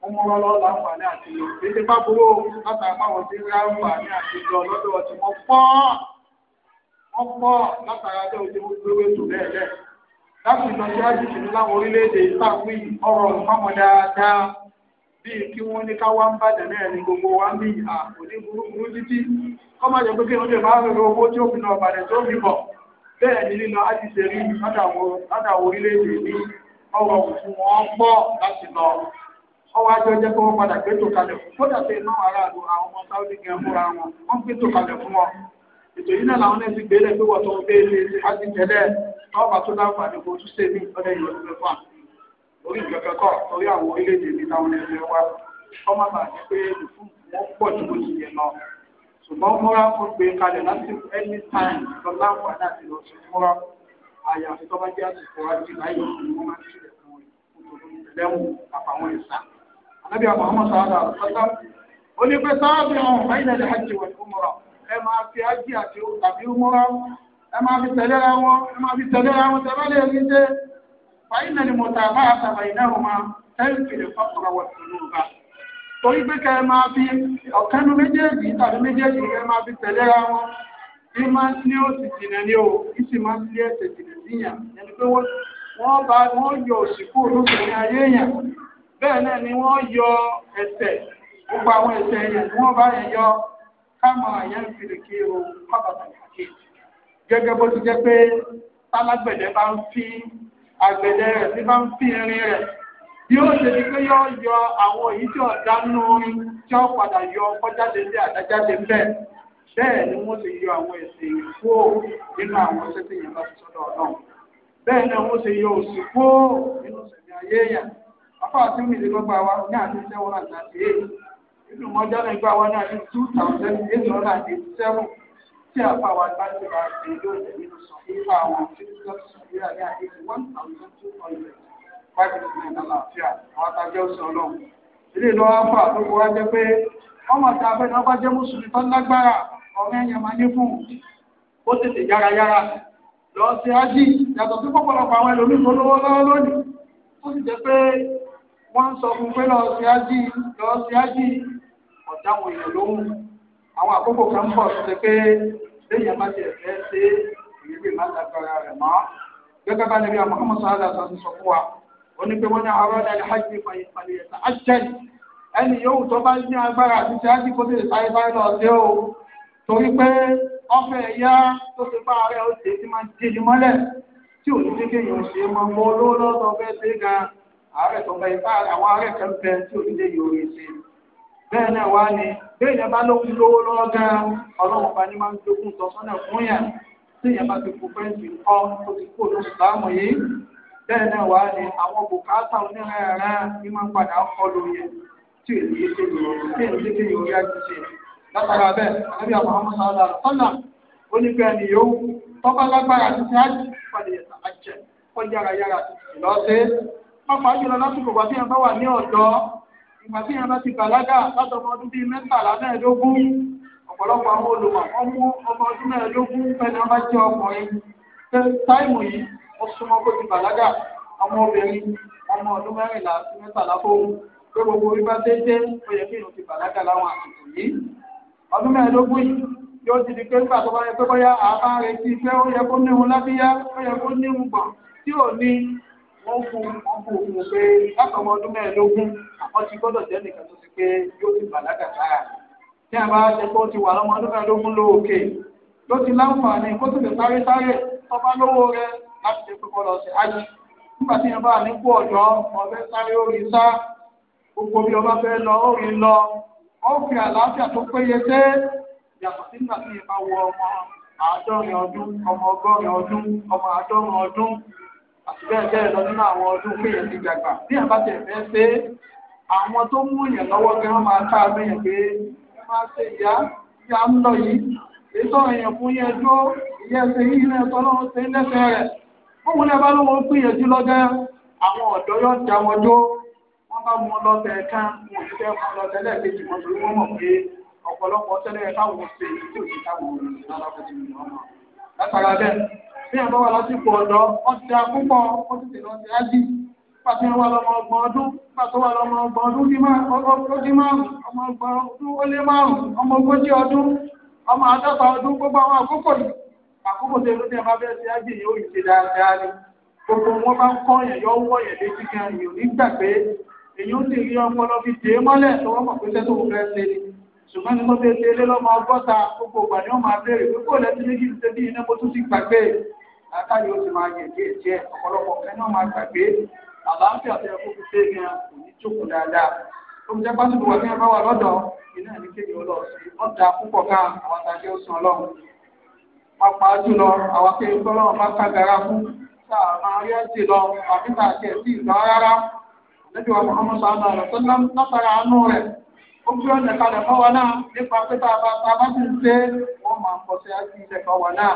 ó mú wọn lọ́ọ́ láǹfààní àti lọ ètè bá burú látàgbà wọn ti rí àǹfààní àti lọ lọ́dọ̀ ọtí wọn pọ́ wọn pọ́ látara tẹ́ ojú gbégbé tù lẹ́ẹ̀lẹ́ láti ìtọ́jú àjèjì ní láwọn orílẹ̀-èdè ìtàkùn ọ̀rọ̀ ìfáwọn dáadáa bíi kí wọ́n ní ká wá ń bàjẹ́ náà ní gbogbo wa ń bí ìhà burúkú títí kọ́ pé kí wọ́n lè máa rẹ̀ owó tí ó fi náà bàjẹ́ tó fi bọ̀ bẹ́ẹ̀ ni lílọ á ṣe rí látàwọn orílẹ̀-èdè ní ọrọ̀ fún wọn pọ̀ láti lọ ọwọ́ ajọ́ jẹ́ pé wọ́n padà gbé kalẹ̀ fún kódà ọmọ orí ìkẹ̀kẹ́ kọ̀ torí àwọn orílẹ̀-èdè ní táwọn ẹgbẹ́ wa ọmọ bàbá ti pé wọ́n pọ̀ ju bó ti yẹ lọ ṣùgbọ́n múra ó gbé kalẹ̀ láti any time lọ láǹfààní àti lọ sí múra àyàfi tó bá jẹ́ àsìkò àti láyé ìlú wọn máa ń ṣẹlẹ̀ fún ìlẹ́wọ̀n àpàwọn ìsà alábí àwọn ọmọ sáadà sọ́tà ó ní pé sáábì ọ̀hún báyìí lè hajj wọ̀ fún múra ẹ máa fi hajj àti tàbí múra ẹ máa fi tẹ̀lé ra wọn ẹ máa fi tẹ̀lé ra wọn tẹ̀lé fàyín náà ni mo ta bá àtàbà iná wọn máa tẹ́lifìlẹ̀ fọ́kànlá wọ̀ tìlú bá torí pé kẹ́ ẹ máa fi ọ̀kẹ́nu méjèèjì tàbí méjèèjì kẹ́ ẹ máa fi tẹ̀lé ra wọn bí máa ń ní òsì jìnà ní o kí sì máa ń lé ẹsẹ̀ jìnà níyàn ẹni pé wọ́n bá wọ́n yọ òsìkú olóbìnrin ayé yàn bẹ́ẹ̀ náà ni wọ́n yọ ẹsẹ̀ gbogbo àwọn ẹsẹ̀ yẹn ni wọ́n bá yẹn yọ káàmù àyàn ìfìlè kí o kábàtà kàkí gẹ́gẹ́ bó ti jẹ́ pé tálágbẹ̀dẹ bá ń fi àgbẹ̀dẹ rẹ̀ tí bá ń fi irin rẹ̀ bí ó ṣe ni pé yóò yọ àwọn èyí tí ọ̀dá nú orin tí ó padà yọ kọjáde sí àdájáde ń bẹ́ẹ̀ ni wọ́n ti yọ àwọn ẹ̀sìn ìfó nínú àwọn iṣẹ́ tí yẹn bá ti sọ́dọ̀ ọlọ́run bẹ́ẹ̀ náà wọ́n ti yọ òsì nínú ìṣẹ̀lẹ̀ ayé èèyàn afọ àti mi lè gbọ́gbà wa ní àti nínú náà gbà ní àti tí a fà wá láti ra èdè òde nínú sọ̀rọ̀ àwọn fífíṣọ́ sọ̀rọ̀ ní àdéhùn one thousand two hundred five hundred nine àlàáfíà àwọn àtàjẹ́ òsè ọlọ́run. ilé ìlú afa tó kọ́ wá jẹ́ pé ọmọ tá a fẹ́ ní ọba jẹ́ mùsùlùmí tó lágbára ọ̀rẹ́ ẹ̀yẹ máa ní fún un ó tètè yárayára lọ sí ájì yàtọ̀ sí pọ̀pọ̀lọpọ̀ àwọn ẹlòmíín tó lówó lọ́wọ́ lónìí ó sì jẹ́ pé wọ́n ń sọ fún pé lọ sí ájì lọ sí ájì ọ̀dà àwọn àkókò kan bọ̀ tó ṣe pé lẹ́yìn bá tiẹ̀ fẹ́ ṣe ìrírí má lágbára rẹ̀ mọ́ gẹ́gẹ́ bá níbi àwọn ọmọ sáà lásán ti sọ fún wa ó ní pé wọ́n ní àwọn ọ̀dà ní hajj fàyè fàyè ẹ̀sà àjẹ́lì ẹni yòówù tó bá ní agbára àti ti hajj kó tèè sáré sáré lọ sí o torí pé ọfẹ ẹ̀yà tó ti bá ààrẹ ó ti máa jíjì mọ́lẹ̀ tí ò ní kéèyàn ṣe mọ́ mọ́ olówó lọ́sọ̀ọ́fẹ́ sí gan ààrẹ tó bá ipá bẹ́ẹ̀ náà wá ní bẹ́ẹ̀ yẹn bá lóhun lówó lọ́wọ́ gan-an ọlọ́run bá ní máa ń dógún tọ́sọ́nà fún yàn tí yẹn bá ti kú fẹ́ǹsì kọ́ tó ti kú lóṣù láàmú yìí bẹ́ẹ̀ náà wá ní àwọn bùkátà onírẹ̀ẹ̀rẹ̀ ní máa ń padà kọlu yẹn tí èyí ti ṣe ìrọ̀rùn tí èyí ti ṣe ìrọ̀rùn yá ti ṣe látara bẹ́ẹ̀ àbí àwọn ọmọ sáadà sọ́nà ó ní bẹ́ẹ̀ ni yóò tọ́pá ti ṣe ájì ìgbà tí yẹn bá ti bàlágà látọmọ ọdún bíi mẹ́tàlá mẹ́ẹ̀ẹ́dógún ọ̀pọ̀lọpọ̀ àwọn olùmọ̀ wọ́n mú ọmọ ọdún mẹ́ẹ̀ẹ́dógún fẹ́ni ọba jẹ́ ọkùnrin pé táìmù yìí ó súnmọ́ kó ti bàlágà ọmọ obìnrin ọmọ ọdún mẹ́rìnlá sí mẹ́tàlá fóun pé gbogbo orí bá déédé ó yẹ kí ìrùn ti bàlágà láwọn àsìkò yìí ọdún mẹ́ẹ̀ẹ́dógún yìí yóò ti di pé nígbà tó bá yẹ pé bóyá àbá retí pé ó yẹ kó níhun lábíyá ó yẹ kó níhun gbọ̀n wọ́n fún wọ́n fún un pé látọmọ ọdún mẹ́ẹ̀ẹ́dógún wọ́n ti gbọ́dọ̀ jẹ́ nìkan tó ti pé yóò ti bàlágà tí a bá ṣe pé ó ti wà rẹ láti ṣe pípọ́ lọ sí nígbà tí yẹn bá ní kú ọ̀dọ́ sáré orí sá gbogbo bí ọba fẹ́ lọ orí lọ ó fi àti bẹ́ẹ̀ bẹ́ẹ̀ lọ nínú àwọn ọdún kéèyàn ti gbàgbà bí àbá tẹ̀ fẹ́ ṣe àwọn tó mú yẹn lọ́wọ́ gan máa ká abẹ́yẹn pé ẹ máa ṣe ìyá tí a ń lọ yìí ètò èèyàn fún yẹn dúró ìyá ẹsẹ̀ yìí náà tọ́ lọ́run ṣe ń lẹ́sẹ̀ rẹ̀ fóun lẹ́ bá lóun gbìyànjú lọ́gẹ́ àwọn ọ̀dọ́ yóò já wọn dó wọ́n bá mú lọ́tẹ̀ kan wọn ò fẹ́ mú lọ́tẹ̀ lẹ́ẹ̀kejì tẹ́lẹ̀ bí àbá wà lásìkò ọ̀dọ́ wọ́n ti da púpọ̀ wọ́n ti tẹ̀lé ọ̀sẹ̀ ájì pàṣẹ wà lọ́mọ ọgbọ̀n ọdún pàṣẹ wà lọ́mọ ọgbọ̀n ọdún ní ogójì márùn ọmọ ọgbọ̀n ọdún ó lé márùn ọmọ ogójì ọdún ọmọ àádọ́ta ọdún gbogbo àwọn àkókò yìí àkókò tó ló ní ẹ bá bẹ́ẹ̀ ṣe ájì yóò ṣe dáadáa ni gbogbo wọn bá ń kọ́ yẹn yọ wọ́ yẹn létí gan yìí ò ní gbà pé èyí ó sì rí ọpọlọ fi dé mọ́lẹ̀ tó wọ́n mọ̀ pé sẹ́tò òun fẹ́ ṣe ni ṣùgbọ́n ní mo bẹ́ẹ̀ ṣe lé lọ́mọ ọgọ́ta gbogbo ìgbà ni wọ́n máa béèrè pé kó lẹ́sìn méjì ṣe bí iná mo látàrí ó ti máa yẹ díẹ̀ díẹ̀ ọ̀pọ̀lọpọ̀ kẹ́ náà máa gbàgbé àlàáfíà tó yẹ kó fi fẹ́ gan kò ní jókòó dáadáa tó fi jẹ́ pásítọ̀ wà ní ẹ̀bá wà lọ́dọ̀ iná ní kéde ọlọ́ sí ọ̀dà púpọ̀ gan àwọn àtàkì ọ̀sán ọlọ́run pápá jùlọ àwọn akéwì tọ́lọ́run bá ká gara fún sáà máa rí ẹ̀sìn lọ àbí tá a tiẹ̀ sí rárá lẹ́bí wa Muhammad sàánà rẹ̀ tó látara àánú rẹ̀ ó gbé ọ̀nà kalẹ̀ fọ́ wa náà nípa pé tá a bá ti ń ṣe wọ́n máa ń pọ̀ sí àti ilẹ̀ wa náà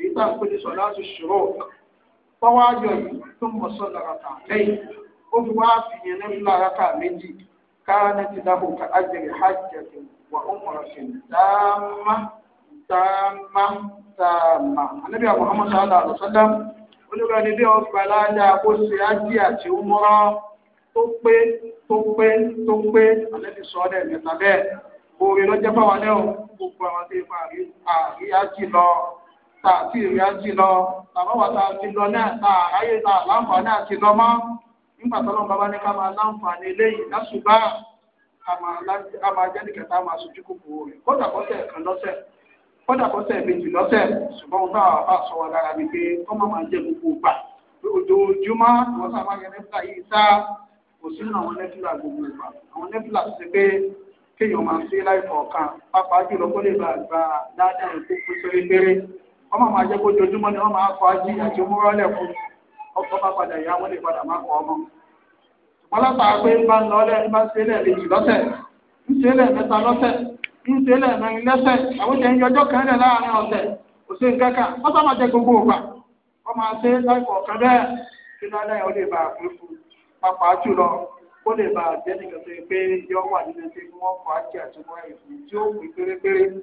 èyí tá à ń pè sọ̀lá ti ṣòro tó mọ̀ rata lẹ́yìn ó fi wá méjì ti dáhùn ká ajẹ̀rẹ̀ wà ó dáàmà dáàmà dáàmà ni bí kó ṣe ájì àti òmùrọ̀ tó pé tó pé tó pé sọ ọ́ dẹ̀ mẹ́ta bẹ́ẹ̀ òòrè lọ́jọ́ fáwọn náà gbogbo àwọn tó yẹ fún tá a ti rí ájì lọ tàbá wà tá a ti lọ náà tá a ráyè tá a láǹfààní àti lọ mọ́ nígbà tó lọ́n bàbá ní ká máa láǹfààní eléyìí lásùbà a máa jẹ́ nìkẹta máa sojú kòkòrò rẹ̀ kódà kọ́sẹ̀ kan lọ́sẹ̀ kódà kọ́sẹ̀ méjì lọ́sẹ̀ ṣùgbọ́n táwọn bá sọ wà lára mi pé kọ́mọ máa jẹ gbogbo gbà ojoojúmọ́ àwọn sábà yẹn nẹ́fìlà yìí sá kò sínú àwọn nẹ́fìlà gbogbo ìgbà àwọn nẹ́fìlà ti ṣe pé kéèyàn máa ṣe láìpọ̀ kan pápá jùlọ kó lè bá gba dáadáa ìkókó sórí péré ọmọ ma jẹ́ kó jojúmọ́ ni wọ́n máa kọ́ ají àti múrọ́lẹ̀ fún ọkọ̀ bá padà ìyá wọ́n lè padà má kọ́ ọmọ. ṣùgbọ́n látara pé bá ń lọlẹ̀ bá ń ṣẹlẹ̀ lèjì lọ́sẹ̀ ń ṣẹlẹ̀ mẹ́ta lọ́sẹ̀ ń ṣẹlẹ̀ mẹ́rin lẹ́sẹ̀ àwọn ìṣẹ̀yìn kan láàrin ọ̀sẹ̀ kò sí nǹkan kan wọ́n sábà gbogbo ògbà wọ́n máa ṣe láìpọ̀ kan bẹ́ẹ̀ kí ó lè bá jùlọ lè bá nìkan tó yẹ pé yọ wà nínú ẹgbẹ́ wọn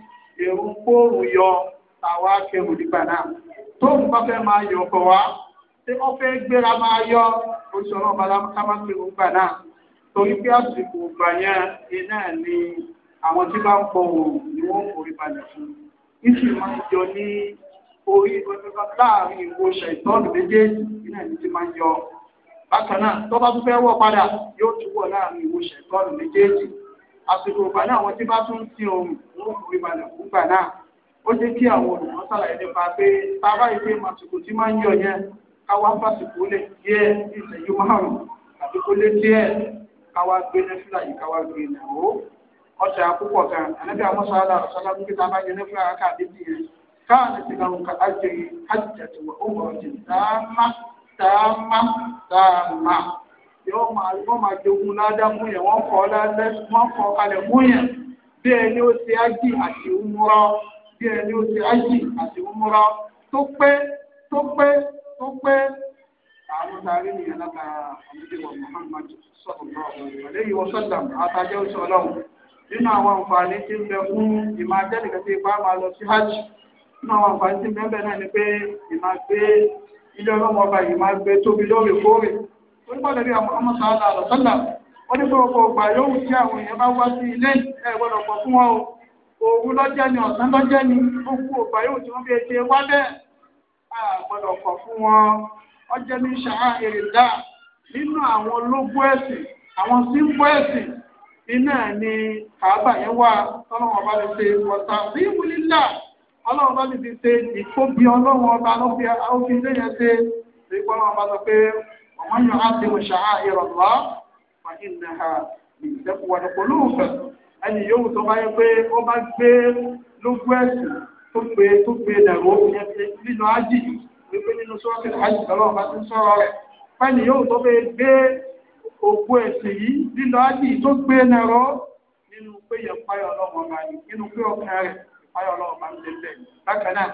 èrú ń kóòrùn yọ àwa kẹrù nígbà náà tóun bá fẹ́ máa yọ ọkọ̀ wa tí wọ́n fẹ́ gbéra máa yọ oṣù ọlọ́ọ̀bá lámà kẹrù nígbà náà torí pé àsìkò ìgbà yẹn iná ni àwọn tí bá ń pọ̀ òòrùn ni wọ́n forí balẹ̀ fún ìsì máa ń yọ ní orí láàrin ìwo ṣàìtọ́nù méjèèjì iná ni ti máa ń yọ bákan náà tó bá tún fẹ́ wọ̀ padà yóò tún wọ̀ láàrin ìwo ṣàìtọ́nù méjèèjì àsìkò ìgbà náà àwọn tí bá tún ti ohun wọn kò rí balẹ̀ fún ìgbà náà ó jẹ́ kí àwọn olùwọ́n sàlàyé nípa pé tábà ìpè màsìkò tí máa ń yọ yẹn káwá fásìkò lè díẹ̀ ìṣẹ́jú márùn-ún àti kó lé díẹ̀ káwá gbé nẹ́fìlà yìí káwá gbé ìnáwó ọjà púpọ̀ gan ànábì àwọn sọ́ọ́dà ọ̀sọ́dà tó kíta bá yẹ nẹ́fìlà káàkà àdébì yẹn káà ní ti lọ́rùn ká ájẹ ájẹ tó wọ́n ó yóò máa wọ́n máa jogun ládá fún yẹn wọ́n kọ́ lálẹ́ wọ́n kọ́ kalẹ̀ fún yẹn bí ẹni ó ṣe ájì àti òmùrọ̀ bí ẹni ó ṣe ájì àti òmùrọ̀ tó pé tó pé tó pé àwọn sáré nìyẹn lábàá àmúdé wa Muhammad sallallahu alaihi wasallam àtàjẹ́ oṣù ọlọ́run nínú àwọn àǹfààní tí ń bẹ fún ìmọ̀ ajẹ́nìkan tí máa lọ sí hajj nínú àwọn àǹfààní tí ń bẹ bẹ́ẹ̀ náà ni pé ìmọ̀ gbé ilé ọlọ́mọba yìí máa gbé tóbi lóòrèkóòrè onípàdé bí Muhammad sallallahu alaihi ọgbà yóò tí àwọn èèyàn bá wá sí ilé fún wọn o lọ́jẹ́ ni ọ̀sán lọ́jẹ́ ni ọgbà yóò tí wọ́n fi wá fún wọn ọjẹ́ ní ṣàárẹ̀dá nínú àwọn ológbó ẹ̀sìn àwọn símbó ẹ̀sìn iná ni kàábà yẹn wà tọ́lọ́wọ́n ọba lè ṣe wọ̀tá sí ìwúlílà ọlọ́run bá ti ṣe ọba ومن يعظم شعائر الله فإنها من تقوى القلوب ẹni yóò tó bá yẹ pé ó bá gbé lógún ẹ̀sìn tó gbé tó gbé dàrú nínú ájì wípé nínú sọ́ọ̀tì ájì tọ́lọ́ ọba ti ń sọ̀rọ̀ rẹ̀ fẹ́ni yóò tó bá gbé ògùn ẹ̀sìn yìí nínú ájì tó gbé nàró nínú pé yẹn páyọ̀ ọlọ́run ọba yìí nínú pé ọkàn rẹ̀ páyọ̀ ọlọ́run ọba ń lé bẹ́ẹ̀ bákan náà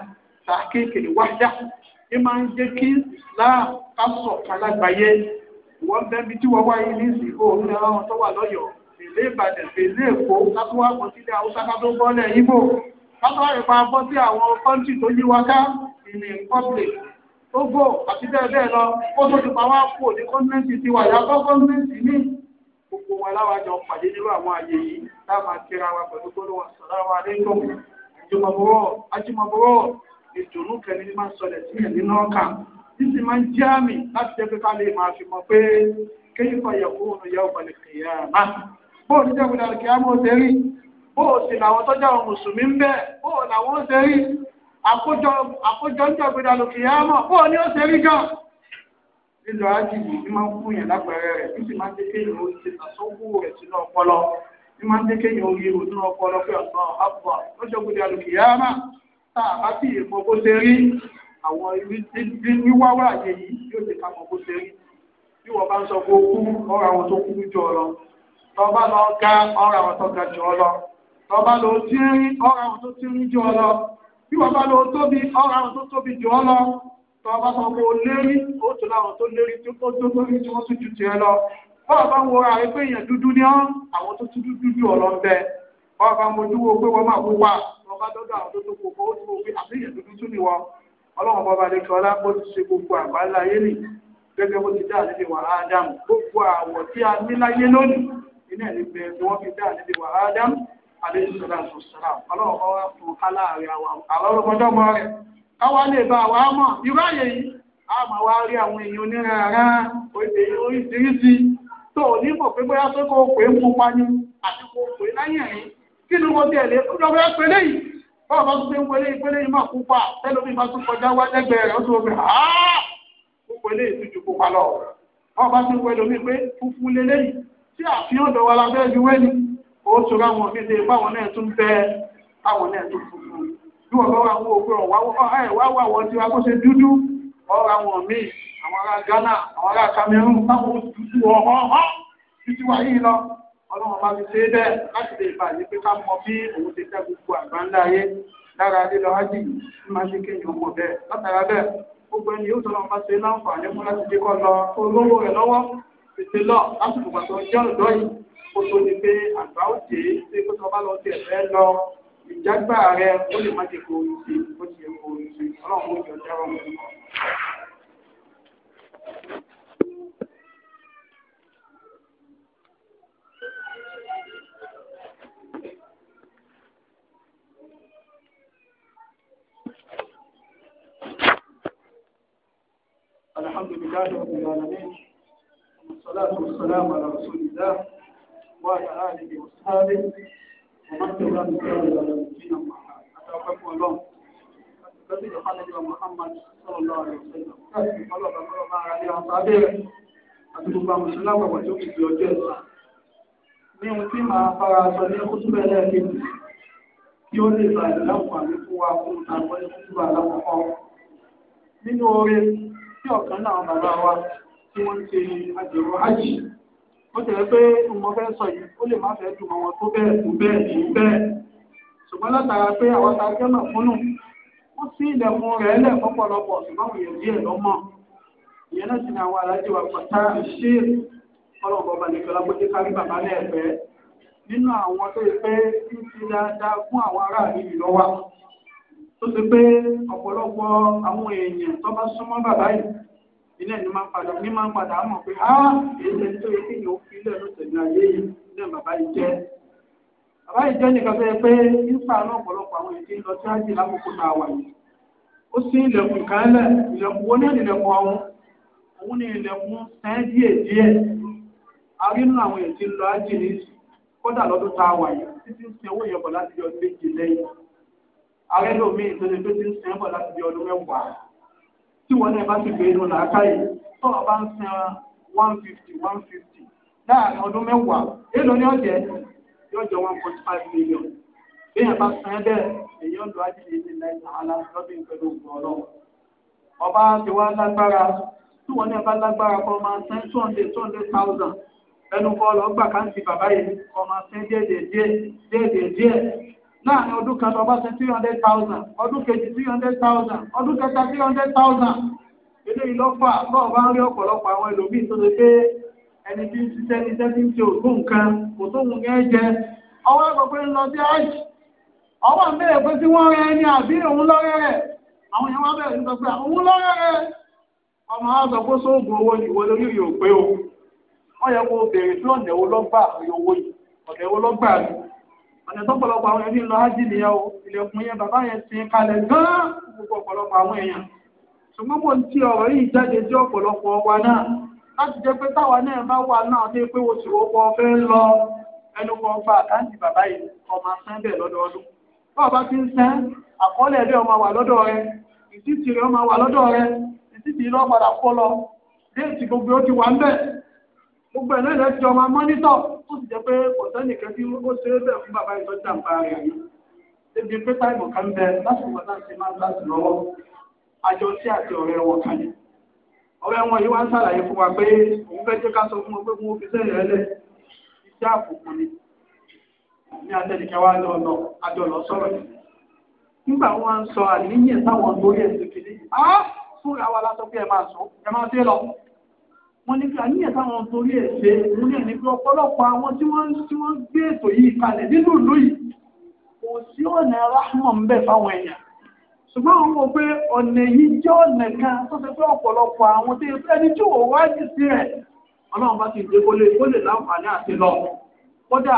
tàkì kìlì wáyà ní máa ń jẹ́ kí láà kásọ̀ alágbàáyé wọ́n bẹ́ẹ̀bi tí wọ́n wáyé ní ìsìnkú òun ẹ̀rọ tó wà lọ́yọ̀ọ́ ìlú ìbàdàn ìlú èkó kátówá bọ́ sílé haúsá kátó bọ́lẹ̀ ibo kátówá ìpa bọ́ sí àwọn kọ́ńtì tó yí wa ká ìní public tógò àti bẹ́ẹ̀ bẹ́ẹ̀ lọ ó tó ti pa wá kú òní kọ́ńtẹ́ǹtì ti wà yàtọ̀ kọ́ńtẹ́ǹtì ní gbogbo wa láwàjọ pàdé nínú àwọn àyè yìí tá a máa kíra wa pẹ̀lú gbólóhùn àṣàlá wa lẹ́yìn tó ajímọ̀bọ̀rọ̀ ajímọ̀bọ̀rọ̀ ìdùnnú kẹni ní máa ń sọlẹ̀ sí ẹ̀ nínú ọkà títí máa ń jẹ́ àmì láti jẹ́ pé ká lè máa fi mọ̀ pé kéyìnbọn yẹ̀kú òun yẹ ọ̀pọ̀lẹ̀ kìyà má bóò ní jẹ́kùn dàrú kìyà mọ́ ṣe rí bóò sì làwọn tọ́jú àwọn mùsùlùmí ń bẹ bóò làwọn ó ṣe rí àkójọ ń jọ̀gbìn dàrú kìyà mọ́ bóò ní ó ṣe rí gan. lílọ ájìlì ní máa ń fún yẹn lápẹẹrẹ rẹ títí máa ń jẹ́ kéyìn ó ti tàṣọ́kù rẹ̀ sínú ọpọlọ ní máa ń jẹ́ kéyìn ó yẹ òdúnú ọpọlọ pé ọ̀sán àbọ̀ lọ́jọ́ tá a bá sì mọ bó ṣe rí àwọn wíwá wà yẹ yìí yóò ṣe ká mọ bó ṣe rí bí wọ́n bá ń sọ pé ó kú ọ̀rọ̀ àwọn tó kú jù ọ lọ tọ́ba lọ ga ọ̀rọ̀ àwọn tó ga jù ọ lọ tọ́ba lọ tíírín ọ̀rọ̀ àwọn tó tíírín jù ọ lọ bí wọ́n bá lọ tóbi ọ̀rọ̀ àwọn tó tóbi jù lọ tọ́ba sọ pé ó lérí ó tún láwọn tó lérí tó tó lórí tí wọ́n tún ju tiẹ̀ lọ bọ́ọ̀ bá ń wọra pé èèyàn dúdú ni ọ́ àwọn tó tún dúdú jù ọ lọ ń bẹ bọ́ọ̀ bá ń mojú wo pé wọ́n máa kú bá dọ́dọ̀ àwọn tó tó kó kó ó tún wọ́n pé àbíyàn tó tún ní wọn ọlọ́run bọ́ba lè kí ọlá bó ti ṣe gbogbo àgbà láyé nì gẹ́gẹ́ bó ti dá àlejò wà ádámù gbogbo àwọ̀ tí a ní láyé lónìí iná ẹ̀ nígbẹ́ tí wọ́n fi dá àlejò wà ádámù àlejò sọ̀rọ̀ àṣọ ọlọ́run bọ́ba báwo bá tún ṣe ń wọlé ìpele yìí máa pupa tẹlifí máa tún kọjá wá lẹ́gbẹ̀ẹ́ rẹ̀ ó tún wọlé àá púpọ̀ ilé ìtújú pupa lọ báwo bá tún wọlé omi pé funfun lélẹyìn tí àfihàn dọwọ la fẹẹ ju wẹni ó tura wọn mi lè báwọn náà tún bẹ báwọn náà tún funfun bí wọn bá wà wọn òkú ọ wá wà wọn tí wọn kó ṣe dúdú ọ̀rọ̀ àwọn míì àwọn ará Ghana àwọn ará Cameroon báwọn dúdú ọhọ títí wáyé lọ ọlọ́run bá fi ṣe é bẹ́ẹ̀ láti lè bá yìí pé ká mọ bí òun ti tẹ́ gbogbo àgbá ńlá ayé lára lílọ ájì yìí máa ṣe kéèyàn mọ̀ bẹ́ẹ̀ látara bẹ́ẹ̀ gbogbo ẹni yóò tọ́lọ́ máa ṣe láǹfààní fún láti dé kọ́ lọ tó lówó rẹ̀ lọ́wọ́ tètè lọ láti bùkà tó jẹ́ ọ̀dọ́ yìí kó tó di pé àgbà ó dé pé kó tó bá lọ tiẹ̀ fẹ́ lọ ìjágbá rẹ̀ ó lè má ti kó orí sí i ó ti kó orí sí ọlọ́run ó yọ الحمد لله رب العالمين والصلاة والسلام على رسول الله وعلى آله وصحبه ومن تبعهم إلى يوم الدين أما بعد أتوقف الله الذي قال محمد صلى الله عليه وسلم كان الله بما عليه وصحبه àtúgbà mùsùlùmí àpapọ̀ tó kìí ọjọ́ ẹ̀sà ní ohun tí màá fara sọ ní kútùbà ẹlẹ́ẹ̀kejì kí ó lè bàjẹ́ láǹfààní fún wa fún ìtàgbọ́n kútùbà alákọ̀ọ́kọ́ nínú oore tí ọ̀kan náà bàbá wa tí wọ́n ti àjẹ̀wò hajj ó tẹ̀lé pé mo fẹ́ sọ yìí ó lè má fẹ́ dùn àwọn tó bẹ́ẹ̀ tó bẹ́ẹ̀ ní bẹ́ẹ̀ ṣùgbọ́n látara pé àwọn ta jẹ́ mọ̀ fúnnù ó sí ilẹ̀kùn rẹ̀ lẹ̀ fọ́pọ̀lọpọ̀ ṣùgbọ́n òye díẹ̀ lọ́mọ ìyẹn náà sì ni àwọn alájẹ wa pàtà ṣe ọlọ́pọ̀ balẹ̀kẹ́ lágbójú kárí bàbá lẹ́ẹ̀fẹ́ nínú àwọn tó yẹ tó ti pé ọ̀pọ̀lọpọ̀ àwọn èèyàn tó bá súnmọ́ bàbá yìí ilé ẹni máa padà ní máa padà mọ̀ pé á yẹ kí ni ó fi ilé ẹnu tẹ̀lé ayé yìí ní bàbá yìí jẹ́ bàbá yìí jẹ́ nìkan tó yẹ pé nípa àná ọ̀pọ̀lọpọ̀ àwọn èdè lọ sí ájì lákòókò tá a wà yìí ó sí ilẹ̀kùn kan lẹ̀ ilẹ̀kùn wo náà ilẹ̀kùn ọ̀hún òun ni ilẹ̀kùn sẹ́ẹ́ díẹ̀ díẹ̀ arínú àwọn lọ ájì ní kódà lọ́dún yìí títí ń sin owó ààrẹ ló mi ìtọ́jú tó ti ń sìn bọ̀ láti di ọdún mẹ́wàá tí wọ́n náà bá ti gbé inú làákàyè tọ́lọ̀ bá ń sin one fifty one fifty láàrin ọdún mẹ́wàá èèlò ní ọ̀jẹ̀ yóò jẹ́ one point five million bí yẹn bá sin ẹ́ bẹ́ẹ̀ èyí ń lo ajínigbé ní nàìjíríà aláàbíyìn pẹ̀lú ògùn ọlọ́run ọba ti wá lágbára tí wọ́n náà bá lágbára kọ́ máa sin two hundred two hundred thousand ẹnu bọ́ọ̀lù ọgbà káńtì bàbá yìí kọ́ máa díẹ̀ díẹ̀ díẹ̀ díẹ̀ láàrin ọdún kan lọ́ba ṣe three hundred thousand ọdún kejì three hundred thousand ọdún kẹta three hundred thousand eléyìí lọ́fà náà bá ń rí ọ̀pọ̀lọpọ̀ àwọn ẹlòmíì tó ṣe pé ẹni tí ń ṣiṣẹ́ ní sẹ́tí ń ṣe òògùn nǹkan kò tó yẹn jẹ ẹni àbí òun lọ́rẹ́ àwọn yẹn wá bẹ̀rẹ̀ sọ pé òun lọ́rẹ́ ọmọ wa sọ pé sóògùn owó ni o wọ́n ọ̀nà tó pọ̀lọpọ̀ àwọn ẹbí lọ ájì nìyà o ilẹ̀kùn yẹn bàbá yẹn ti kalẹ̀ gán gbogbo ọ̀pọ̀lọpọ̀ àwọn èèyàn ṣùgbọ́n mo ti ọ̀rọ̀ yìí jáde sí ọ̀pọ̀lọpọ̀ wa náà láti jẹ́ pé táwa náà bá wà náà dé pé oṣù ọkọ̀ fẹ́ lọ ẹnu kan fa àkáǹtì bàbá yìí ọmọ sán bẹ́ẹ̀ lọ́dọọdún bá ọba ti ń sán àkọọ́lẹ̀ ẹ̀dẹ́ ọmọ wà lọ́dọ̀ rẹ ìtìtì rẹ ọmọ wà lọ́dọ̀ rẹ ìtìtì lọ́ padà kọ́ lọ déètì gbogbo ó ti wà ń bẹ́ẹ̀ gbogbo ẹ̀ lẹ́lẹ́ jọ máa mọ́nítọ̀ tó sì jẹ́ pé kò sẹ́nìkan tí ó ṣe é bẹ́ẹ̀ fún bàbá ìtọ́jà ń bá rẹ̀ yìí débi pé táìmù kan bẹ lásìkò náà ṣe máa ń láti lọ́wọ́ àjọṣe àti ọ̀rẹ́ wọn kan ni ọ̀rẹ́ wọn yìí wá ń ṣàlàyé fún wa pé òun fẹ́ jẹ́ ká sọ fún wọn pé wọn fi sẹ́yìn rẹ lẹ̀ iṣẹ́ àkókò ni ní atẹnikẹ́ wa lọ lọ àjọ lọ sọ̀rọ̀ yìí nígbà wọn ń sọ àníyàn táwọn lórí ẹ̀sìn kìíní á fúnra wa lásán pé ẹ máa sọ ẹ máa dé lọ wọ́n ní kí àníyàn táwọn torí ẹ̀ ṣe òun náà ní pé ọ̀pọ̀lọpọ̀ àwọn tí wọ́n tí wọ́n gbé ètò yìí kalẹ̀ nínú ìlú yìí kò sí ọ̀nà rahmọ̀ ń bẹ̀ fáwọn èèyàn ṣùgbọ́n àwọn wo pé ọ̀nà yìí jẹ́ ọ̀nà kan tó ṣe pé ọ̀pọ̀lọpọ̀ àwọn tí ẹni tí ò wájú sí ẹ̀ ọlọ́run bá ti dé kó lè kó lè láǹfààní àti lọ kódà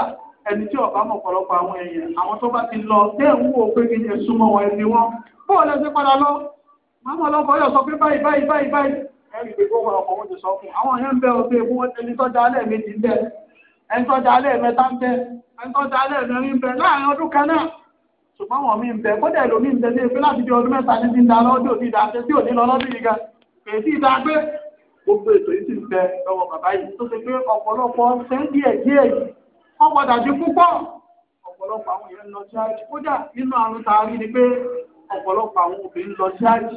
ẹni tí ọ̀bá mọ̀ ọ̀pọ̀lọpọ̀ àwọn èèyàn àwọn tó bá ti lọ ẹ̀rí pé gbogbo ọkọ̀ wọn ti sọ fún àwọn yẹn ń bẹ ọ pé ewu ẹni tó da alẹ́ méjì ń bẹ ẹni tó da alẹ́ mẹ́ta ń bẹ ẹni tó da alẹ́ mẹ́rin ń bẹ láàrin ọdún kan náà ṣùgbọ́n wọn mi ń bẹ kódà èlò mi ń bẹ ní efi láti di ọdún mẹ́ta ní ti ń da lọ́dún òní ìdá àti tí òní lọ lọ́dún yìí ga èsì ìdá pé gbogbo ètò yìí ti ń bẹ lọ́wọ́ bàbá yìí tó ṣe pé ọ̀pọ̀lọpọ̀ sẹ́ńdí ẹ̀jẹ̀ yìí wọ́n padà ju púpọ̀ ọ̀pọ̀lọpọ̀ àwọn èèyàn lọ sí àjì kódà nínú àrùn tààrí ni pé ọ̀pọ̀lọpọ̀ àwọn obìnrin lọ sí àjì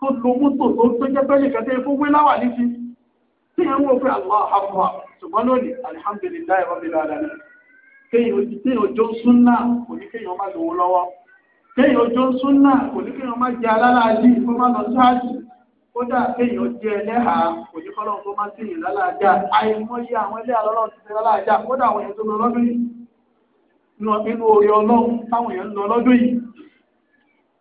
tó lo mọ́tò tó tó jẹ́ pẹ́lú ìkẹtẹ́ fún wé láwà ní fi tí ẹ̀ ń wò pé àwọn àfọwà ṣùgbọ́n lónìí alihamdulilayi rabbil alamin kéèyàn ojó ń sún náà kò ní kéèyàn má lówó lọ́wọ́ kéèyàn ojó ń sún náà kò ní kéèyàn má jẹ alálàájì kó má lọ sáàjì kódà kéèyàn jẹ ẹlẹ́hà inú orí ọlọ́run táwọn èèyàn lọ lọ́dún yìí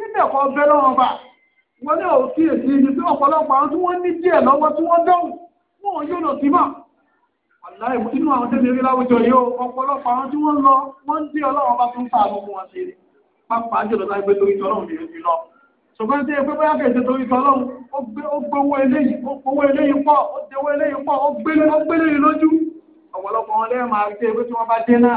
síbẹ̀ kọ́ bẹ́ lọ́wọ́ bá wọn ní òkè èsì ibi tí ọ̀pọ̀lọpọ̀ àwọn tí wọ́n ní díẹ̀ lọ́wọ́ tí wọ́n dẹ́wù wọn ò yóò lọ sí mọ́ aláì inú àwọn tẹ́lẹ̀ rí láwùjọ yìí ọ̀pọ̀lọpọ̀ àwọn tí wọ́n lọ wọ́n ń ọlọ́wọ́ bá tún sáà lọ́wọ́ wọn ṣe rí lọ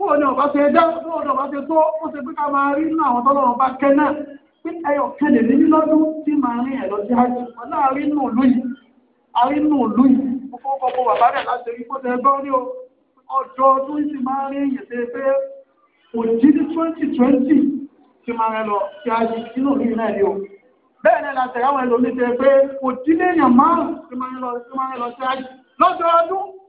bóò ni ọba ṣe dá bóò ọba ṣe tó ó ṣe pé ká máa rí nínú àwọn tọ́lọ́run bá kẹ́ náà pé ẹyọ kẹlẹ̀ ní lọ́dún tí máa bàbá rẹ̀ láti rí gbọ́ ní ọjọ́ ọdún máa rí pé kò jí ní twenty twenty máa rẹ lọ o bẹ́ẹ̀ ni làtẹ̀ àwọn ẹlòmíì pé kò jí ní márùn-ún máa rẹ lọ sí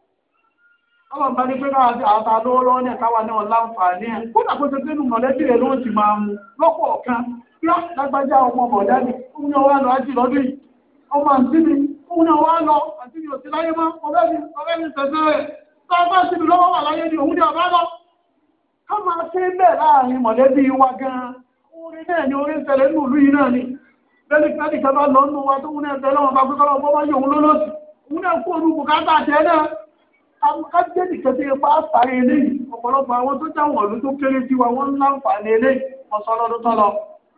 káwọn bá ní pé àtà lówó lọ́wọ́ náà káwa náà láǹfààní ẹ̀ kódà kó ṣe pé nù mọ̀lẹ́bí rẹ̀ ló ń ti máa mú lọ́pọ̀ kan yá lágbájá ọmọ bọ̀dá ni òun náà wá lọ ájì lọ́dún yìí ọmọ àǹtí mi òun náà wá lọ àǹtí mi ò sí láyé mọ́ ọ̀rẹ́ mi ọ̀rẹ́ rẹ̀ tó ọba sí mi lọ́wọ́ wà láyé ni òun ni ọba lọ. ká máa ṣe bẹ́ẹ̀ láàrin mọ̀lẹ́bí wa gan-an orin náà ni orin tẹ̀lé nù lú yìí náà ni lẹ́ni kẹ́ni kẹ́ni lọ́nù wa tó òun náà tẹ̀lé wọn bá gbé kájẹ́ nìkan tí ipa sáré eléyìí ọ̀pọ̀lọpọ̀ àwọn tó jáwọ̀ ọ̀dún tó kéré sí wa wọ́n ń láǹfààní eléyìí ọ̀sán lọ́dún tó lọ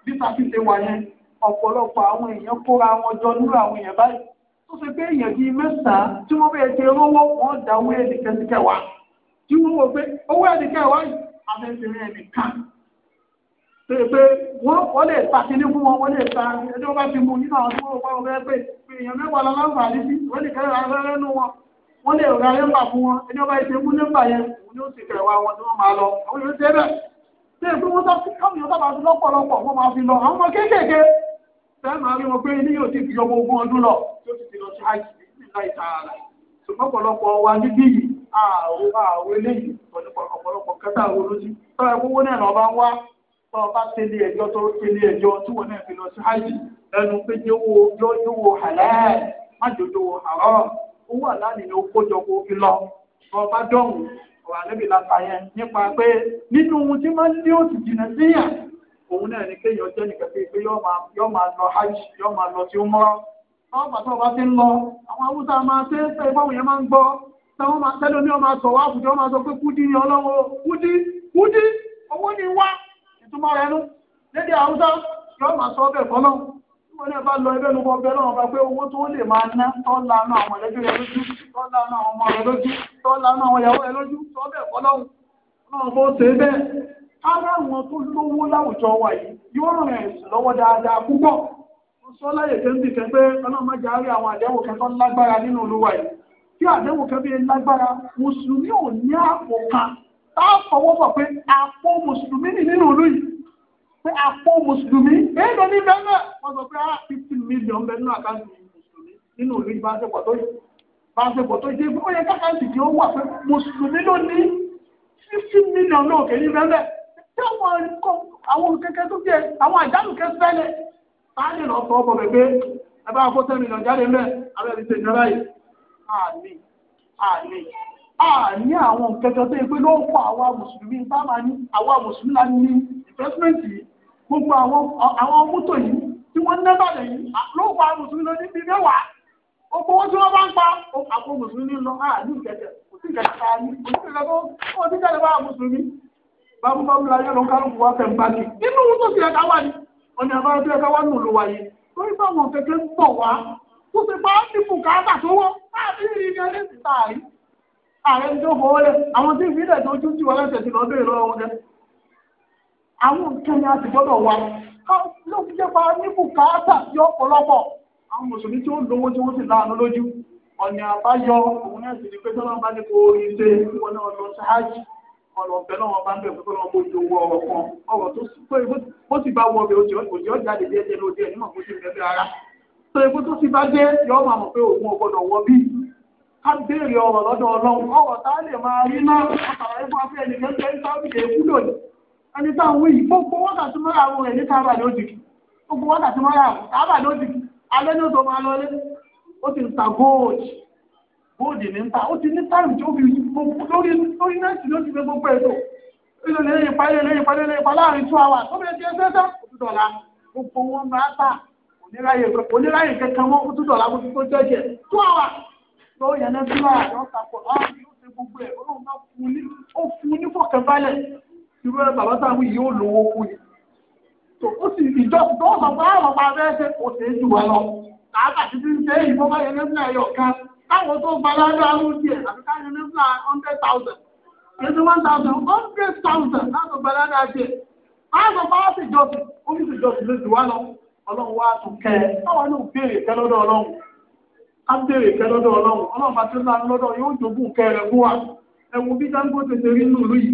bí tàbí ṣe wà yẹn ọ̀pọ̀lọpọ̀ àwọn èèyàn kóra wọn jọ nínú àwọn èèyàn báyìí tó ṣe pé èèyàn bíi mẹ́sàn-án tí wọ́n bẹ̀rẹ̀ ṣe rówó wọn dá owó ẹnìkan sí kẹwàá tí wọ́n wò pé owó ẹnìkan wá yìí abẹ́sẹ̀rẹ̀ ẹnìkan tó ṣe pé wọ́n lè ta kíní fún wọ́n lè ra nọ́mbà fún wọn ẹni ọba ìṣe mú nọ́mbà yẹn òun ló ti kẹ̀ wọn tí wọ́n máa lọ àwọn èèyàn ṣe bẹ́ẹ̀ wọ́n máa fi lọ àwọn ọmọ kéékèèké fẹ́ẹ́ máa rí wọn pé yóò wa níbí yìí owó àlàní ni ó kójọ kó lọ ọba dọ̀hùn ọ̀rọ̀ àlẹ́bí láta yẹn nípa pé nínú ohun tí máa ń lé òsì jìnnà síyàn òun náà ni kéèyàn jẹ́ nìkan pé pé yọ́ máa lọ hajj yọ́ máa lọ ọba ti ń lọ àwọn haúsá máa ṣe é sẹ́yìn fáwọn yẹn máa ń gbọ́ táwọn máa tẹ́lẹ̀ ní ọmọ sọ pé kúdí ni ọlọ́wọ́ kúdí kúdí owó ni wá ìtumọ̀ rẹ̀ sọ fọlọ́hùn wọ́n ní ọba lọ ẹgbẹ́ nu bọ́ bẹ́ẹ̀ náà bá pé owó tó lè máa ná tọ́ lánà àwọn ẹlẹ́jọ́ rẹ lójú tọ́ lánà àwọn ọmọ rẹ lójú tọ́ lánà àwọn ìyàwó rẹ lójú tọ́ bẹ́ẹ̀ fọlọ́hùn náà bó ṣe bẹ́ẹ̀ ara àwọn tó lówó láwùjọ wa yìí yóò ràn ẹ̀ lọ́wọ́ dáadáa púpọ̀ mo sọ láyè tó ń bì pé ọlọ́run má járe àwọn àdéhùn kan lágbára nínú pé àpò mùsùlùmí èèyàn ní bẹ́ẹ̀ náà wọ́n sọ pé ah fifteen million bẹ́ẹ̀ nínú àkáǹtì mùsùlùmí nínú òní ìbáṣepọ̀ tó yẹ ìbáṣepọ̀ tó yẹ ó yẹ kákáǹtì tí ó wà pé mùsùlùmí ló ní fifteen million náà kè ní bẹ́ẹ̀ náà tí àwọn àwọn kẹ̀kẹ́ tó jẹ àwọn àjálù kẹsẹ́lẹ̀ táàlì lọ sọ ọkọ̀ bẹ̀gbẹ́ ẹ bá kó ten million jáde mẹ́ abẹ́rẹ́ ti jẹrà yìí àní àní àní àwọn kẹ̀kẹ́ tó yẹ pé ló ń kọ àwa mùsùlùmí bá máa ní àwa mùsùlùmí lá ní investment yìí gbogbo àwọn mọ́tò yìí tí wọ́n ń nẹ́bàlẹ̀ yìí ló pa mùsùlùmí lọ níbi mẹ́wàá gbogbo wọn tí wọ́n bá ń pa àwọn mùsùlùmí lọ àní ìkẹ̀kẹ̀ kò sí ìkẹ̀kẹ̀ ká ní kò sí ìkẹ̀kẹ̀ tó ti jáde bá mùsùlùmí bámúbámú la yẹn lọ kálukú wá fẹ́ bá kí nínú ohun tó ti ẹ̀ka wá ni ọ̀nà àbára tó ẹ̀ka wá nù ló wáyé lórí báwọn kẹ̀kẹ́ ń bọ̀ wá tó ti pa ní bùkátà tó wọ́ láàbí rí ní ẹlẹ́sìn táàrí ààrẹ ń tó fọwọ́lẹ̀ àwọn tí ìfilẹ̀ tó tún ti wọlé tẹ̀sí lọ́dún ìlọ́wọ́ àwọn nǹkan ni a ti gbọ́dọ̀ wá ló fi jẹ́ pa níbù káàtà sí ọ̀pọ̀lọpọ̀ àwọn mùsùlùmí tí ó lówó tí wọ́n sì láàánú lójú ọ̀nà àbáyọ òun náà sì ni pé tọ́lá bá ní kó orí ṣe wọn náà lọ sí hajj ọ̀nà ọ̀fẹ́ náà wọn bá ń bẹ̀ fún tọ́lá bójú owó ọ̀rọ̀ kan ọ̀rọ̀ tó pé bó sì bá wọ ọbẹ̀ òjì ọjà lè dé ẹjẹ lóde ẹ̀ nímọ̀ bó sì fẹ́ bẹ́ ara tó epo tó sì bá dé yọ máa mọ̀ pé òun ò gbọ́dọ̀ wọ bí ká béèrè ọ̀rọ̀ lọ́dọ̀ ọlọ́run ọ̀rọ̀ tá a lè máa rí náà ọ̀tàrà ẹ̀fọ́ afẹ́ ẹnìkan tẹ́ ń sábìlẹ̀ kúlò ẹni tó ń wí yìí gbogbo wákàtí mọ́ra àwọn rẹ̀ ní káàbà ló dìkì gbogbo wákàtí mọ́ra àwọn káàbà ló dìkì alẹ́ ní oṣù máa lọlé ó ti ń ta góòjì góòjì ní ń ta ó ti ní táìmù tí ó fi lórí lórí nẹ́ẹ̀sì ló ti fi gbogbo ètò ìlú lẹ́yìn ìpàdé lẹ́yìn ìpàdé lẹ́yìn ìpàdé láàrin two hours tó bẹ̀rẹ̀ ti ẹsẹ̀ ẹsẹ̀ òtútù ọ̀la gbogbo wọn máa ta oníráyè kankan mọ́ òtútù ọ̀la gbogbo tó jẹ́ jẹ́ two hours tó yẹn náà bí wàá lọ́ọ́ ta pọ̀ láàrin ó ti gbogbo ẹ̀ ó lóun náà fún un ní fọ̀kànbalẹ̀ irú ẹ bàbá táwọn yìí ó lówó kú ni ó sì ìjọ tó sọ pé àwọn ọmọ abẹ́ ṣe kò ṣe jù wá lọ kàákà títí ń ṣe ìbọn bá yẹn nígbà ẹyọ kan tó thousand one thousand hundred thousand láti gba àwọn sì omi sì ló jù wá lọ ọlọ́run wá tún kẹ́ kẹ́ lọ́dọ̀ ọlọ́run á béèrè kẹ́ lọ́dọ̀ ọlọ́run ọlọ́run bá ti ń lọ́dọ̀ yóò jogún ẹ̀wù bí Dangote ṣe rí nùlú yìí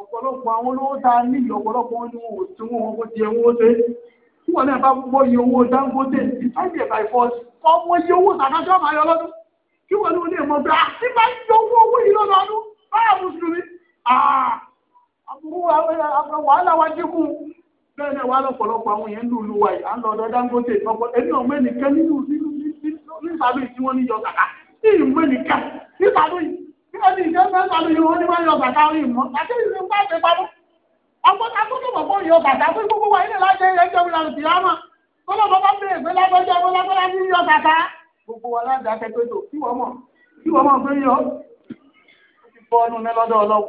ọ̀pọ̀lọpọ̀ àwọn olówó ta ní ọ̀pọ̀lọpọ̀ wọn ni wọn ò tí wọn kò tiẹ̀ wọn náà bá gbọ́ iye owó Dangote ìtọ́jú ẹ̀ka ìfọ́sí ọmọ iye owó sàkájọ́ máa yọ lọ́dún kí wọn ní olè mọ̀ bẹ́ẹ̀ ah, bá yọ owó owó yìí lọ́dọọdún báyà mùsùlùmí àbúrú wàhálà wa dínkù bẹ́ẹ̀ náà wàhálà ọ̀pọ̀lọpọ̀ àwọn èèyàn lùlù wa yìí à ń lọ ọ̀dọ̀ Dangote ọ̀pọ̀ ẹni ọ̀mọ ẹnìkan nínú nísàlù yìí tí wọ́n ní yọ kàkà ní ìmú ẹnìkan nísàlù yìí kí wọ́n ní ìjọba nísàlù yìí wọ́n ní wọ́n yọ kàkà orí ìmọ̀ àti ìrìn bá ti pamọ́ ọ̀pọ̀ akókòmọ̀ fún yọ kàkà fún gbogbo wa ilé láti ẹjọ́ mi làlùtì lámà kọ́lọ́mọ bá bèrè pé lágbẹ́jọ́ ọmọ lágbẹ́lá ní yọ kàkà gbogbo wa láti akẹ́kọ̀ọ́ kí wọ́n mọ̀ kí wọ́n mọ̀ pé yọ ó ti fọ́ ọnù mẹ́lọ́dọ̀ ọlọ́wọ́